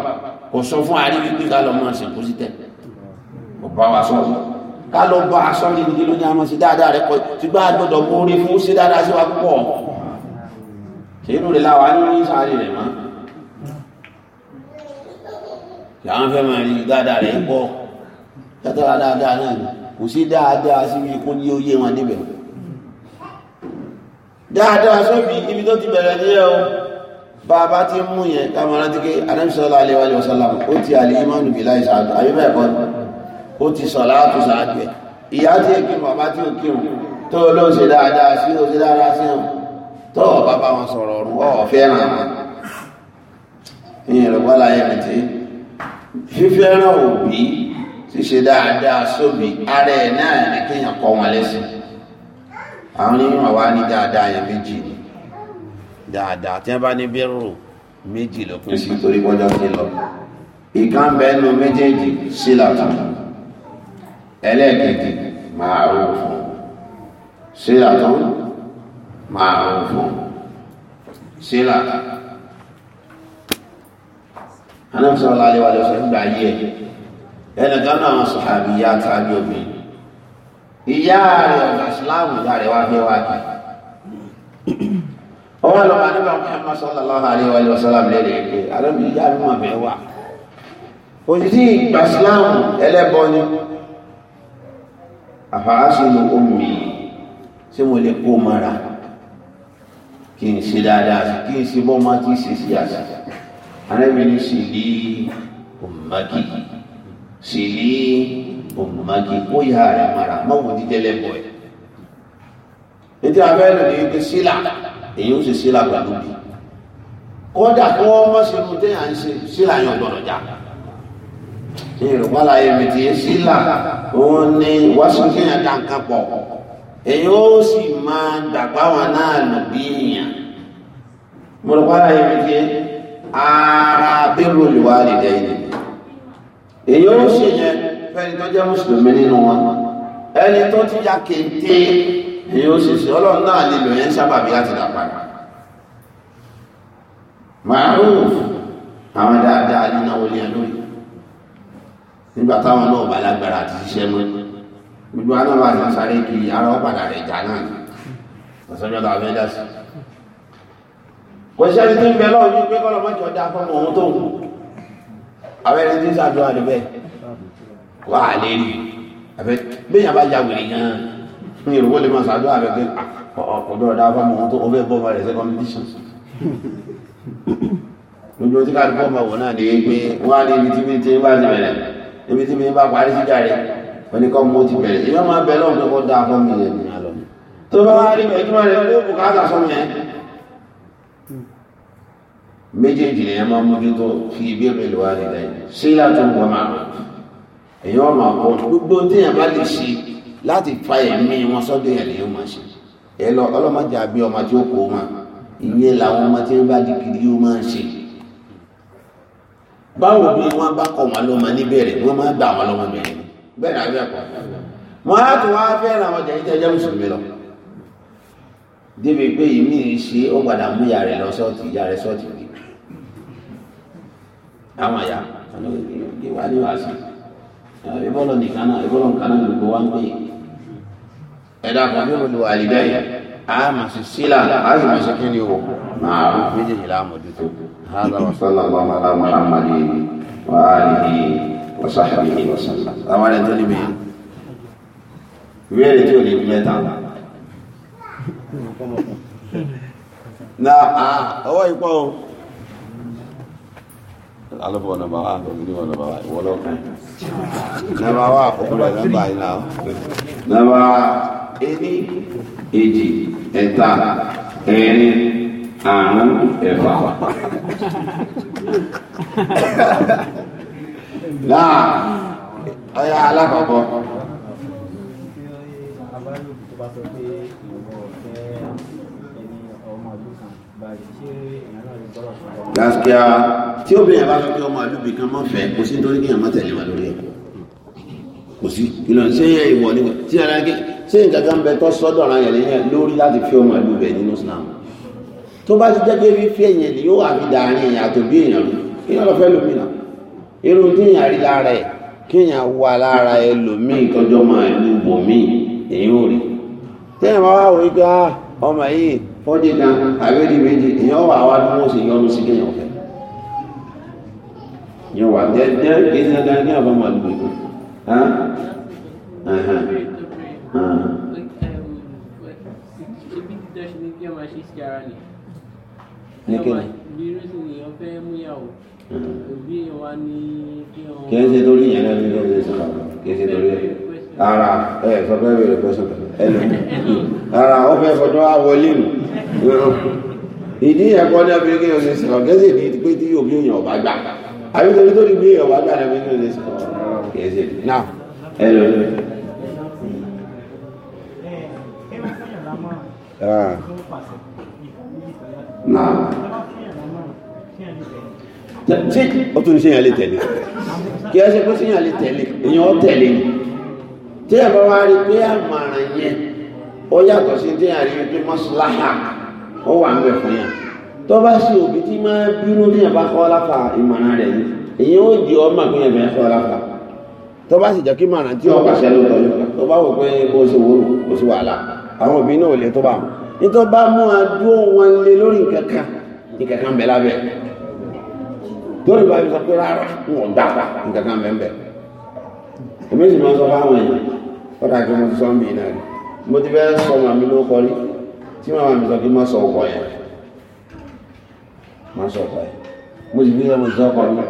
kò sọ fún àríwí pé ká lọ máa ṣèkú sí tẹ̀ kò bá wa sọ́bà ká lọ bá aṣọ́ nídìí lóní àmọ́ ṣe dáadáa rẹ kọjá ṣùgbọ́n àgbọ̀dọ̀ mú orí fún ṣe dáadáa sí wa púpọ̀ irú rẹ̀ láwa ní ní sáré rẹ̀ mọ́ làwọn fẹ́ máa rí dáadáa rẹ̀ ń bọ̀ tẹ́tọ́ra dáadáa náà ni kò sí dáadáa síbi kó ní oyé wọn níbẹ̀ dáadáa sóbi ibi tó ti bẹ̀rẹ̀ ní ẹ̀ o bàbá ti mú yẹn kámọ́ra ti ké anábìsọ́lá alẹ́wàlẹ́ wasalam ó ti àlè imánu bìláì sàádù àbíbẹ̀ ẹ̀kọ́ ó ti sọ̀lá àtù sàádù ìyá tí èkìrùn bàbá tí ó tó ló dáadáa sí ó dáadáa sí ọ̀hún tọ́wọ́ bá bá wọn sọ̀rọ̀ ọ̀rùn ọ̀ fẹ́ràn wọn ìyẹn lọ́pàá láyé mi tí fífẹ́ràn òbí ṣíṣe dáadáa sóbì ara ẹ̀ náà ní kéèyàn kọ́ wọn lẹ́sìn àwọn onímọ̀ wa ní dáadáa yẹn méjì ni dáadáa tí wọ́n bá ní bẹ́rù méjì ló pín sí torí bọ́jọ́ ti lọ ìkan bẹ́ẹ̀ nu méjèèjì sílàtà máa rò fún sílàtà معروف صلة أنا صلى الله عليه وآله وسلم بعيه أنا كان صحابيات عجبي ìyá rẹ̀ ìsìláàmù ìyá rẹ̀ wá fẹ́ wá kí ọwọ́ lọ́wọ́ nígbà Muhammad sallallahu alaihi wa sallam lẹ́rẹ̀ ẹ̀kẹ́ àrẹ́bì ìyá rẹ̀ mọ̀ fẹ́ wá òjìdí ìgbà ìsìláàmù ẹlẹ́bọ ni àfàásùn omi tí mo lè kó mara kí n ṣe dáadáa sí kí n ṣe bọ́ máa kí n ṣe sí àṣà arábìnrin sì ní òmùmágì sì ní òmùmágì ó yà rẹ̀ mara mọ́wọ́ dídẹ́lẹ̀ bọ̀ ẹ̀ nítorí abẹ́rẹ́ lòdì wípé sílà èyí ó ṣe sílà pẹ̀lú bí kódà kí wọ́n mọ̀ sí téèyàn ń ṣe sílà yẹn ọ̀gbọ̀nọ̀ já ní ìrùpàlà yẹn ti sílà òun ni wàásù kéèyàn dá nǹkan pọ̀ èyí ó sì máa dàgbà wọn náà lò bí ènìyàn mo lọ pàrọ̀ yìí wípé ara bẹ́rù olùwà àdìdẹ yìí èyí ó sì yẹn fẹ́ni tó jẹ́ mùsùlùmí nínú wọn ẹni tó ti ya kéde èyí ó sì sí ọlọ́run náà nílò yẹn sábàbí láti dàgbà màrúf àwọn dáadáa nínú àwọn olè lórí nígbà táwọn náà bá lágbára àti ṣiṣẹ́ mọ́ gbogbo aná bá ti sáré kiri ara ọ̀padà rẹ̀ jà náà ni ọ̀sọ́jọ́ ta fẹ́ dá sí. kò sí ẹni tí ń bẹ lọ́wọ́ ní pé kọ́lọ̀ mọ́jọ dá fọ́mọ ohun tó wù abẹ́ ẹni tí ń sàdúrà rẹ̀ bẹ́ẹ̀ wà á lè rí abẹ́ bẹ́yàn bá jagun nìyẹn ní ìrùwọ́ lè máa sàdúrà rẹ̀ pé ah, ọ̀pọ̀dọ̀ dá fọ́mọ ohun tó o fẹ́ bọ́ bá rẹ̀ secondation lójú tí káàdì bọ́ọ̀mù ọ̀wọ̀ náà ni pé wọ́n á ní ibi tí mi ti bá ti bẹ̀rẹ̀ ibi tí mi bá parí sí jáde wọ́n ní kọ́ mú ti bẹ̀rẹ̀ ìwọ́n máa bẹ̀rẹ̀ ọ̀nà kọ́ dáa fún mi yẹn tó bá wá rí ẹjúmọ́ rẹ̀ ló bù káàkà fún mi méjèèjì lèyàn máa mójútó fi ibi ìrìn wá rí lẹ́yìn sí láti wọ́n máa èèyàn máa kọ́ gbogbo téèyàn bá lè ṣe láti fa ẹ̀mí wọn sọ́dọ̀ yẹn lèyàn máa ṣe ẹ lọ ọlọ́mọdé àbí ọmọ tí ó kó wọn ìyẹn làwọn ọmọ tí wọ́n bá di kiri ó máa ń ṣe báwo bí wọ́n bá kọ̀ wọn lọ́mọ níbẹ̀rẹ̀ wọ́n máa gbà wọn lọ́mọ bẹ̀rẹ̀ bẹ́ẹ̀ ha àbẹ́ẹ̀kọ́ wọ́n á tún wá fẹ́ràn àwọn ọjà ìtẹ́jẹ́ mùsùlùmí lọ débi pé ìmí ṣe ó padà mú ìyá rẹ̀ lọ sọ́ọ̀tì ìyá rẹ̀ sọ́ọ̀tì rí àwọn àyà ìwà ni sí ìbọ́lọ̀ wa pè a وصحبه وسلم طبعا انت اللي بيه ìbéèrè tí ò lè fi mẹ́ta na ọwọ́ ipọ́ o alọ́bọ̀ nọmba wa àbọ̀bí ní nọmba wa ìwọ lọ́kàn nọmba wa àkọ́kọ́ rẹ̀ nọmba yìí náà nọmba láà ọ̀yà alákọ̀ọ́kọ́ gaskiya tí obìnrin bá sọ pé ọmọ àlúbì kan máa fẹ́ kò sí nítorí kéèyàn máa tẹ̀lé wa lórí ẹ̀ kò sí kìlọ̀ ṣé yẹ ìwọ ni tí ara gé ṣé nǹkan kan bẹ tó sọ́dọ̀ ara yẹn lẹ́yìn lórí láti fi ọmọ àlúbì ẹ̀ nínú Islam tó bá ti jẹ́ pé fífi ẹ̀yìn ni yóò wà fi dàárín ẹ̀yìn àtòbí èèyàn lò kéèyàn lọ fẹ́ lómìnà irú tíyàn rí lára ẹ̀ kíyàn wà lára ẹlòmíì tọjọ́ máa lu bòmíì èyí ò rí tíyàn bá wà wí pé ah, ọmọ yìí fọ́jì kan àbẹ́rẹ́ méjì èyàn wà wá bí wọ́n sì yọnu sí kéèyàn fẹ́ yẹn wà dẹ́dẹ́ kí ní ẹ̀dá ní àbámọ̀ àdúgbò ní kí ni kì í ṣe torí yẹn lẹ́nu ló ṣe sọ̀rọ̀ kì í ṣe torí ara ẹ̀ sọ fẹ́ bèrè pẹ́sọ̀ ẹnu ara ó fẹ́ fọdún àwọlé nù ìdí yẹn kọ́ ní abirikí ló ṣe sọ̀rọ̀ kì í ṣe ní pé tí òbí èèyàn ọ̀bá gbà àbí torí tó ní bí èèyàn ọ̀bá gbà ní abirikí ló ṣe sọ̀rọ̀ kì í ṣe náà Nah tí ó tún ní séyàn lè tẹ̀lé kí ẹ ṣe pé séyàn lè tẹ̀lé èyàn ó tẹ̀lé ni tí ẹ bá wá rí pé àmàràn yẹn ó yàtọ̀ sí tí àrí pé mọ́síláhà ó wà ń bẹ̀ fún yàn tó bá ṣe òbí tí máa bínú ní ẹ̀bá kọ́ láfa ìmọ̀ràn rẹ̀ yìí èyàn ó di ọmọ pé ẹ̀bẹ̀ kọ́ láfa tó bá sì jẹ́ kí màrán tí ọba ṣẹ́ ló tọ́jú tó bá wò pé bó ṣe wúlò kò sí wàhálà àwọn òbí náà ò lè tó bá wọn nítorí bá mú adúó wọn lé lórí nǹkan kan nǹkan kan bẹ̀ lábẹ́ lórí bá mi sọ pé rárá ń wọ̀ gbà nǹkan kan mẹ́mbẹ́ èmi sì máa sọ fáwọn èèyàn kọ́dà mo ti sọ mí náà mo ti fẹ́ sọ màmí ló kọrí tí màmá mi sọ kí má sọ ọkọ yẹn má sọ ọkọ yẹn mo sì fi sọ ọkọ mi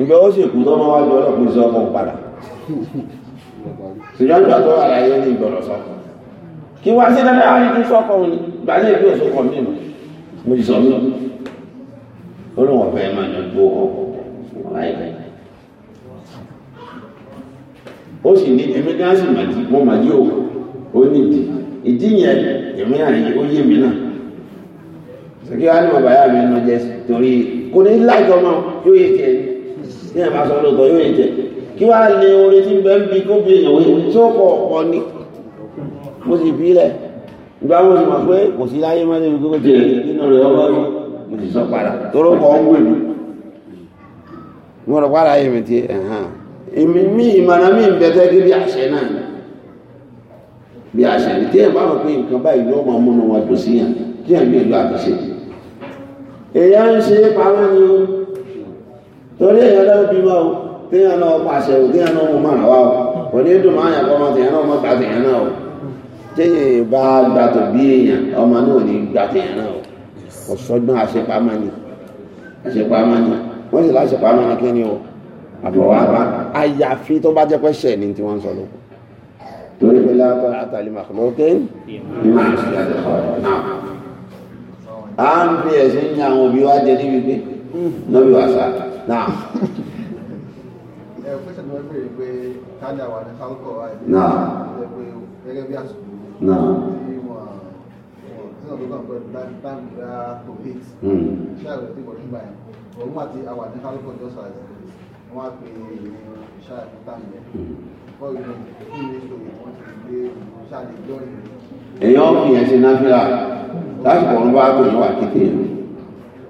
ìgbẹ́ ó sì kú tó máa wájú ọlọ́pàá ti sọ ọkọ padà ṣùgbọ́n ìgbà tó wà láyé ní ìgbọ̀rọ̀ sọ́kọ̀ kí wá sí dáadáa wá ní kí sọ́kọ̀ òní gbà ní ìgbé ó lóun ọ̀fẹ́ máa yan gbó ọ̀láìpẹ́ ó sì ní èmi gan sì mà dí mo mà o ó ní ìdí ìdí yẹn èmi àyè ó yé mi náà sókè wá ní bàbá yà mí ẹnu jẹ torí kò ní láìjọ máa yóò yé tiẹ̀ ní ẹ̀ máa sọ lóòótọ́ yóò yé tiẹ̀ kí wàá lé orin tí bẹ́ẹ̀ ń bi kó bí èèyàn wí tí ó kọ̀ ọ̀pọ̀ ni mo sì fi lẹ̀ ìgbà wo ni mo pé kò sí láyé má débi kó tiẹ̀ nínú rẹ̀ ọgbọ́n mo sì sọ padà tóró kọ́ ń wèlú mo rọ̀ padà yìí mi ti ẹ̀hán èmi mí ìmọ̀nà mí ń bẹ̀tẹ́ gé bí àṣẹ náà bí àṣẹ ní tí ẹ̀ bá rò pé nǹkan báyìí ló máa múnú wọn dùn sí yàn kí ẹ̀ mí ìlú àtúnṣe èèyàn ń ṣe pamọ́ ni o torí èèyàn lọ́wọ́ bímọ o téèyàn náà pàṣẹ o téèyàn náà mú mọ̀nà wá o kò ní dùn máa yàn kọ́ ọmọ tèèyàn náà mọ́ gbà tèèyàn náà o téèyàn bá gbà tó bí èèyàn ọmọ náà ò ní gbà tèèyàn náà o ọ̀sọ́gbọ́n àṣepamọ́ ni àṣepamọ́ ni wọ́n sì láṣepamọ́ ni kíni o àbọ̀wá bá àyàfi tó bá jẹ́ pé ṣẹ̀ ni tí wọ́n ń sọ lóko torí pé látọ̀ àtàlí màkàlókè à ń bí ẹ̀sìn ní àwọn òbí wa jẹ níbi gbé lórí wàsá náà. ẹ fẹsẹ̀ ni wọ́n béèrè pé kájà wà ní sáńkọ̀ wa yìí. náà. gẹ́gẹ́ bí àsìkò. náà ọ̀dọ́ náà pẹ̀lú dáńdá covid ṣé àrẹ hmm. tí wọ́n nígbà yẹn òun àti àwọn àti kálífọ̀ jọ sọ̀rọ̀ àti wọ́n á pe ṣáà ní tàmí ẹ̀ fọ́ ìlú kí ni ètò ìwọ̀n ti gbé ṣáà lè gbọ́ ìlú. èèyàn fi yẹn ṣe náfìlà lásìkò ọ̀run bá tó ìwà kékeré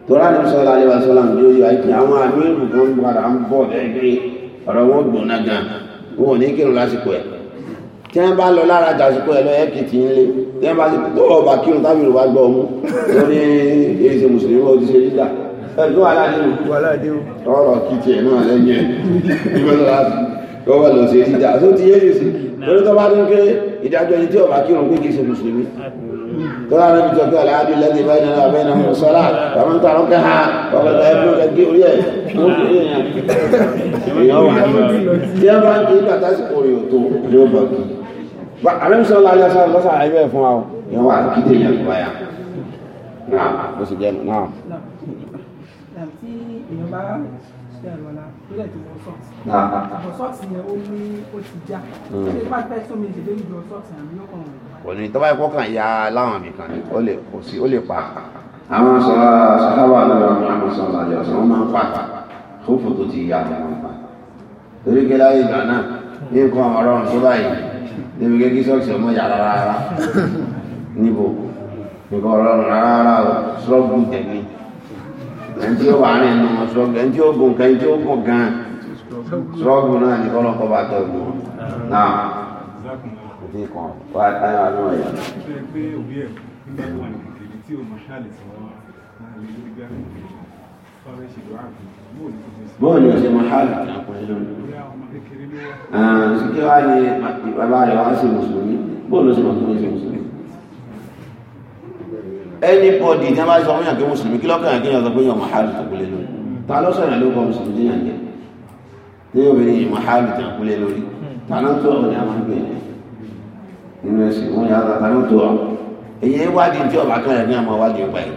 tọ́lá ní sọ́lá alẹ́ wa sọ́lá ní oyè àìkè àwọn àmì ìrù kan padà ń bọ̀ bẹ́ẹ̀ bí ọ̀rọ̀ wọn gbóná gan wọn ò ní kírun lásìkò ẹ̀ tí wọ́n bá lọ lára jàsìkò ẹ̀lọ ẹ̀kìtì ńlẹ̀ tí wọ́n bá ti tó ọba kírun tábí yorùbá gbọ́ ọmú tó ní èsì mùsùlùmí ó ti ṣe dídà ẹ̀dùn aládéhùn ọ̀rọ̀ kìtì ẹ̀ náà lẹ́yìn ẹ̀ ìgbẹ́lọ́ láti lọ́wọ́ lọ sí dídà tó ti yé èsì torí tó bá ní pé ìdájọ́ ẹni tí ọba kírun pé kìí ṣe mùsùlùmí tó lára níbi tó kọ́ aláàdé lẹ́dí bá yẹn abẹ́ náà mọ̀ sọ́lá bàmí tó àrùn kẹ́hà bàbá tó ẹgbẹ́ rẹ̀ gé orí ẹ̀ tó ń fi èèyàn èèyàn wà ní ọ̀rọ̀ tí ẹ bá ń kí kàtàsí orí òtó yóò bọ̀ kí àrẹ́mísọ́lá alẹ́sà lọ́sà ẹgbẹ́ fún wa yẹn wà kíkẹ́ yẹn tó báyà náà bó sì jẹ́ náà. tí èèyàn bá ṣe àlọ́lá lórí ẹ̀jẹ̀ wọ sọ́ọ̀tì wọ sọ́ọ̀tì yẹn ó ní ó ti já hmm. ṣé bá pẹ́ sómi ìṣèlú ìjọ sọ́ọ̀tì àmì yóò kàn wọ́n. kò ní tọ́ba ẹ̀kọ́ kan ya láwọn àmì kan ó lè kò sí ó lè pa. àwọn sọlá sọlábà lọ́wọ́ àwọn sọlá àjọ sọ wọ́n máa ń pa tó fòtò ti ya àwọn pa torí kí láyé ìgbà náà ní nǹkan ọ̀rọ̀ nǹkan báyìí níbi gẹ́gí sọ́ọ̀sì ọmọ yà rárá níbo nǹkan ọlọ́run rárá ṣọ́ọ̀bù tẹ̀lé ẹni tí ó wà ní ẹnu wọn ṣọ́ọ̀bù ẹni tí ó gùn kan ẹni tí ó gùn gan ṣọ́ọ̀bù náà ní kọ́lọ́kọ́ bá tẹ̀ ọ̀gbìn wọn náà òfin kan wá táyà àánú ọ̀yà. bọ́ọ̀lù ọ̀sẹ̀ mọ̀ ṣáàlì kan kò ní lónìí ṣíkẹ́ wá ní bàbá rẹ̀ wá sí mùsùlùmí bóòlù sí mùsùlùmí sí mùsùlùmí ẹni ya tí a bá sọ fúnyàn pé mùsùlùmí kí lọ́kàn yàn kí yàn sọ pé yàn mọ̀hálù tó kúlé lórí ta ló sọ̀rọ̀ ló kọ mùsùlùmí tí yàn jẹ́ tí obìnrin yìí mọ̀hálù tó kúlé lórí ta ló tó ọ̀rọ̀ ní a máa ń gbé yẹn nínú ẹ̀sìn wọn yà ta ló tó ọ̀rọ̀ èyí wádìí tí ọba kan yàn kí yàn máa wádìí ọgbà yìí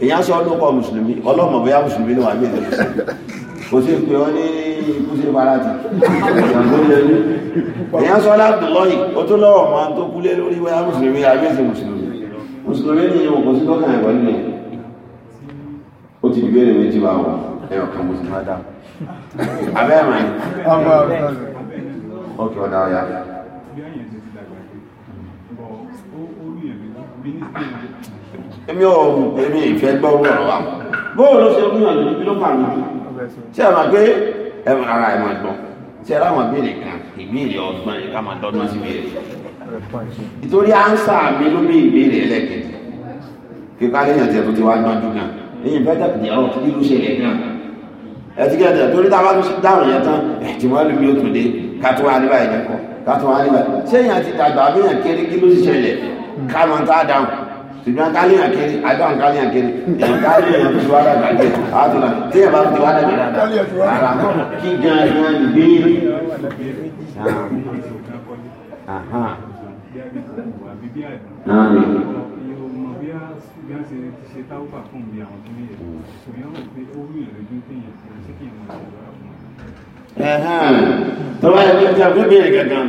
èyí á sọ ọdún kọ mùsùlùmí ọlọ́mọ bóyá mùsùlùmí ló wà ní ìdẹ̀lẹ̀ ikú ṣe farajì èyàn sọ látọ̀lọ́yìn ó tó lọ́rọ̀ ma tó kúlé lórí wáyá mùsùlùmí àgbẹ́sẹ̀ mùsùlùmí mùsùlùmí ni ìyẹn òkú sí tọ́kàn ẹ̀kọ́ nílẹ̀ ó ti dìbéèrè méjì bá wọ ẹ̀yọ̀ kan mùsùlùmí má dáa abẹ́ ẹ̀mà ni ọkẹ́ ọ̀dà ọ̀yà èmi ò èmi ìfẹ́ gbọ́ wọ̀rọ̀ wa bóòlù ló ṣe fún ìyànjú ibi ló pàmì sí àmà pé ẹ mọ ara ẹ máa gbọ́ tí ẹ láwọn béèrè kan ìbéèrè ọgbọ́n ẹ ká máa dọ́gbọ́n sí béèrè nítorí ánsà mi ló bí ìbéèrè ẹlẹ́kẹ̀ẹ́ kíkà lẹ́yìn àti ẹ̀tọ́ ti wá gbájú gan ẹ̀yìn fẹ́ tẹ̀kùtì ọ̀rọ̀ tí kílù ṣẹlẹ̀ gan ẹ ti kẹ́ ẹ̀tẹ̀ torí táwa dáhùn yẹn tán ẹ̀ tí wọ́n lù mí òtún dé ká tún wá níbàyẹn kọ́ ká tún wá ṣùgbọ́n káléèyàn kiri àdán káléèyàn kiri èyàn káléèyàn tó ti wá dàgbà jẹ àtúnà tí yẹn bá ti wá dàgbà dàgbà rárá kí gangan ìbéèrè. tọ́wọ́ ẹ̀ bí ọjà fún mi rẹ̀ gangan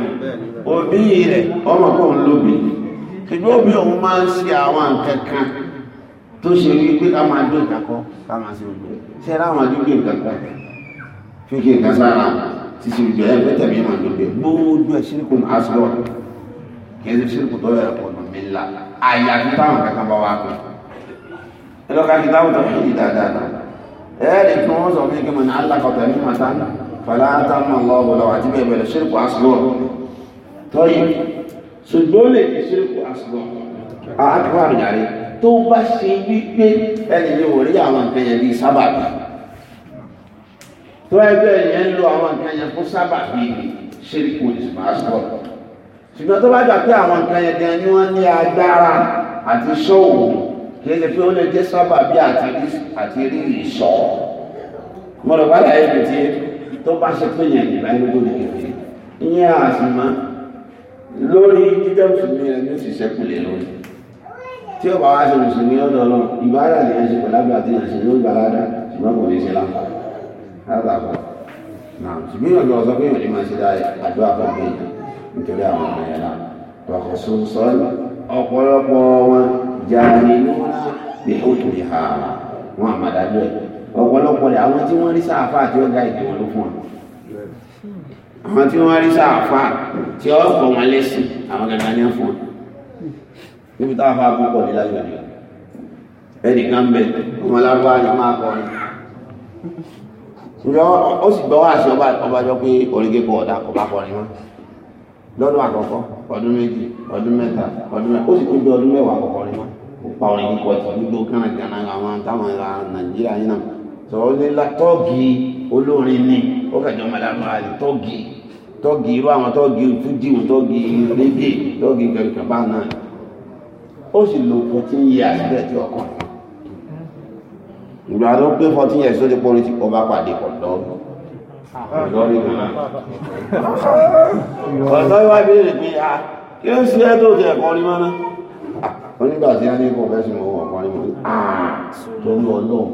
òbí rẹ̀ ọmọ kò ń lóbi ṣùgbọ́n omi òun máa ń ṣe àwọn nǹkan kan tó ṣe rí pé ká máa dún ìdákọ́ ká máa ṣe gbogbo ṣe ráwọn àdúgbò ìdákọ́ fíkì nǹkan sára títí ìgbẹ́ ẹgbẹ́ tẹ̀mí ìmọ̀ ìdógbé gbogbo ẹ̀ ṣírìkù asọ́ kì í ṣe ṣírìkù tó yẹ ọ̀nà mi ńlá àyà tó táwọn kankan bá wá pẹ́ ẹ lọ́ka kí táwọn tó fi dáadáa ẹ̀ẹ́dì tí wọ́n sọ fún ìgbìmọ̀ ní alákọ̀tà ní màtá fàlá àtàmọ̀ lọ́wọ́ àti bẹ́ẹ̀ bẹ́ẹ̀ ṣírìkù asọ́ tọ́yìn ṣùgbọ́n ó lè ní ṣírùkù àṣùgbọ́n àtúwà àrùjàre tó bá ṣe wípé ẹni ní wòrí àwọn nǹkan yẹn bíi sábàbí tó ẹgbẹ́ yẹn ń lo àwọn nǹkan yẹn fún sábàbí ṣírùkù ìṣùgbọ́n àṣùgbọ́n ṣùgbọ́n tó bá gbà pé àwọn nǹkan yẹn gan ni wọ́n ní agbára àti ṣọ́wò kí ẹni pé ó lè jẹ́ sábàbí àti rí ìṣọ́ mọ̀rọ̀ bá láyé bìtì tó bá ṣe pé yẹn ìgbà ló gbọ́dọ̀ ìyẹn àṣìmọ́ lórí jíjẹ́ mùsùlùmí rẹ̀ ní òsì sẹ́kùlé lórí tí ó bá wá ṣe mùsùlùmí ọ̀dọ̀ lọ ìbára lè ṣe pẹ̀lú àgbà tí ìrìnàṣẹ́ ló gbà ládá ṣùgbọ́n kò ní ṣe láǹfààní látàkọ́ náà ṣùgbọ́n ìrìnàjò ọ̀sọ́ pé ìrìn máa ṣe àdúrà fún ọgbẹ́ ìjà nítorí àwọn ọmọ ẹ̀yà wàkọ̀ sọ ọ̀pọ̀lọpọ̀ wọn jáde lóhùn bí ó tó ìhà àwọn tí wọ́n rí sáàfà tí ó kọ̀ wọn lẹ́sìn àwọn gàgà ní ọ̀fọ̀n níbi táwọn afá púpọ̀ ní láyé ọ̀dọ̀ ẹnì bẹ̀ ọmọ alágbá ni máa kọ́ ni ṣùgbọ́n ó sì gbọ́ wá sí ọba jọ pé oríkè kọ ọ̀dà kọ̀ bá kọ́ ni wọ́n lọ́dún àkọ́kọ́ ọdún méjì ọdún mẹ́ta ọdún mẹ́ta ó sì tún bí ọdún mẹ́wàá àkọ́kọ́ ni wọ́n pa orin kíkọ ti gbogbo kánàkánà àwọn táwọn ará nàìjíríà yìí náà sọ ọ́ ní tọ́ọ̀gì ó kàjọ́ mọ́lá tọ́gì irú àwọn tọ́gì fújìun tọ́gì rédíè tọ́gì kankan bá náà ó sì lo fourteen years bẹ́ẹ̀ tí ọkọ̀ ìgbà tó pé fourteen years ó ti pọ́n ti ọba pàdé ọ̀dọ́ ọ̀dọ́ rí kan náà ọ̀dọ́ wá béèrè pé a ah, kí ó sì ẹ́ tó ti ẹ̀kọ́ rí mọ́ná onígbà tí a ní kọ̀ fẹ́ sí mọ́ ọ̀pọ̀ rí mọ́ tó ń lọ lọ́wọ́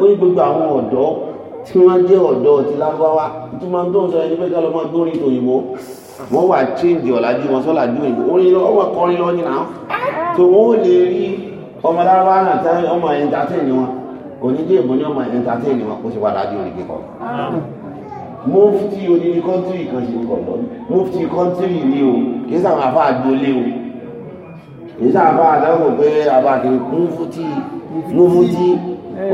ó ní gbogbo àwọn ọ̀dọ́ tí wọ́n jẹ́ ọ̀dọ́ ti lábáwá tí wọ́n tó ń sọ ẹni pé ká lọ máa gbórí tòyìnbó wọ́n wà chíǹdì ọ̀làjú wọn sọ́làjú òyìnbó ó ní ọwọ́ kọrin lọ ní náà tó wọ́n ó lè rí ọmọ lábáwá náà tí ọmọ ẹ̀ńtátẹ́ẹ̀ ni wọn kò ní jẹ́ ìbọn ní ọmọ ẹ̀ńtátẹ́ẹ̀ ni wọn kó sì wà lájú orin kíkọ mufti oníní kọ́ntírì kan ṣe ní kọ̀ọ̀lọ́ mufti kọ́ntírì ní o kìí sáwọn àfáà gbolé o kìí sáwọn àfáà dáwọ̀ pé àbákiri mufti mufti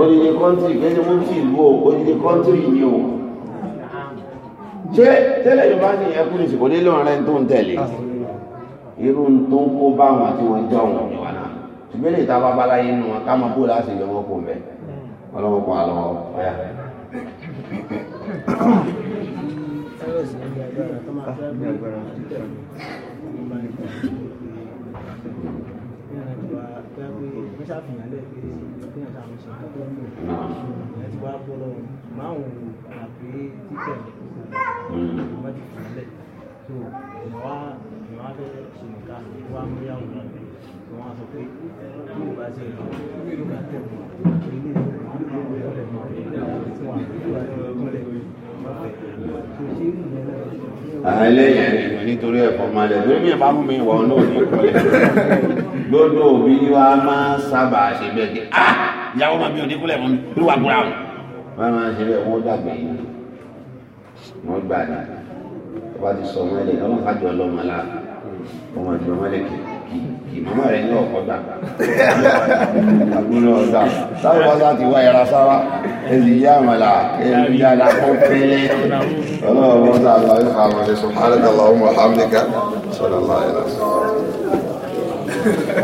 odidi kọ́ntì kẹ́sẹ̀ mufti ìlú o odidi kọ́ntì ìní o ṣé tẹ́lẹ̀ yorùbá ní ẹkú ní ìsìnkú nílò ọ̀rẹ́ tó ń tẹ̀lé irú tó ń kó bá wọn tí wọ́n jọ wọn ní wọn náà ṣùgbọ́n lè ta bábá láyé nù wọn ká máa bó láti yọ wọn kò mẹ́ ọlọ́wọ́ kan ọ̀yà. Thank wá pé pé ṣàfihàn lẹ pé pé yàn ṣàwọn ṣe nǹkan tó ń lò ìyẹn ti wá bọ́ lọ́wọ́ máa ń wò àpé títẹ̀ wọ́n ti fìyàn lẹ̀ tó ẹlẹ́yìn ẹ̀rìn nítorí ẹ̀fọ́ máa lẹ̀ lórí ẹ̀bá mú mi ìwọ náà ní ìkọlẹ̀ gbogbo òbí wa máa sábà ṣe bẹ́ẹ̀ kí á ah! ìyàwó máa bí òní kúlẹ̀ mọ́ mi ló wà gbúra wọn. wọ́n máa ṣe bẹ́ẹ̀ wọ́n dàgbà yìí wọ́n gbà ní wọ́n bá ti sọ ọmọ ẹlẹ́yìn ọlọ́run ká jọ ọlọ́mọ lá ọmọ ìjọ ọmọ ẹlẹ́kẹ̀ẹ́ kì í ìmọ̀mọ́ no ní ọ̀pọ̀ gbà àgbúrò ọ̀dà táwọn bọ́sá ti wá yàrá sáwá ẹ̀sì yá àmàlà ẹ̀rù yàrá kó pẹ́lẹ́ ọlọ́run bọ́sá àlọ́ ìfà àmàlẹ̀ sọ̀rọ̀ àlẹ́ tàlà ọmọ hàmìkà sọ̀rọ̀ láyé lọ́sọ̀rọ̀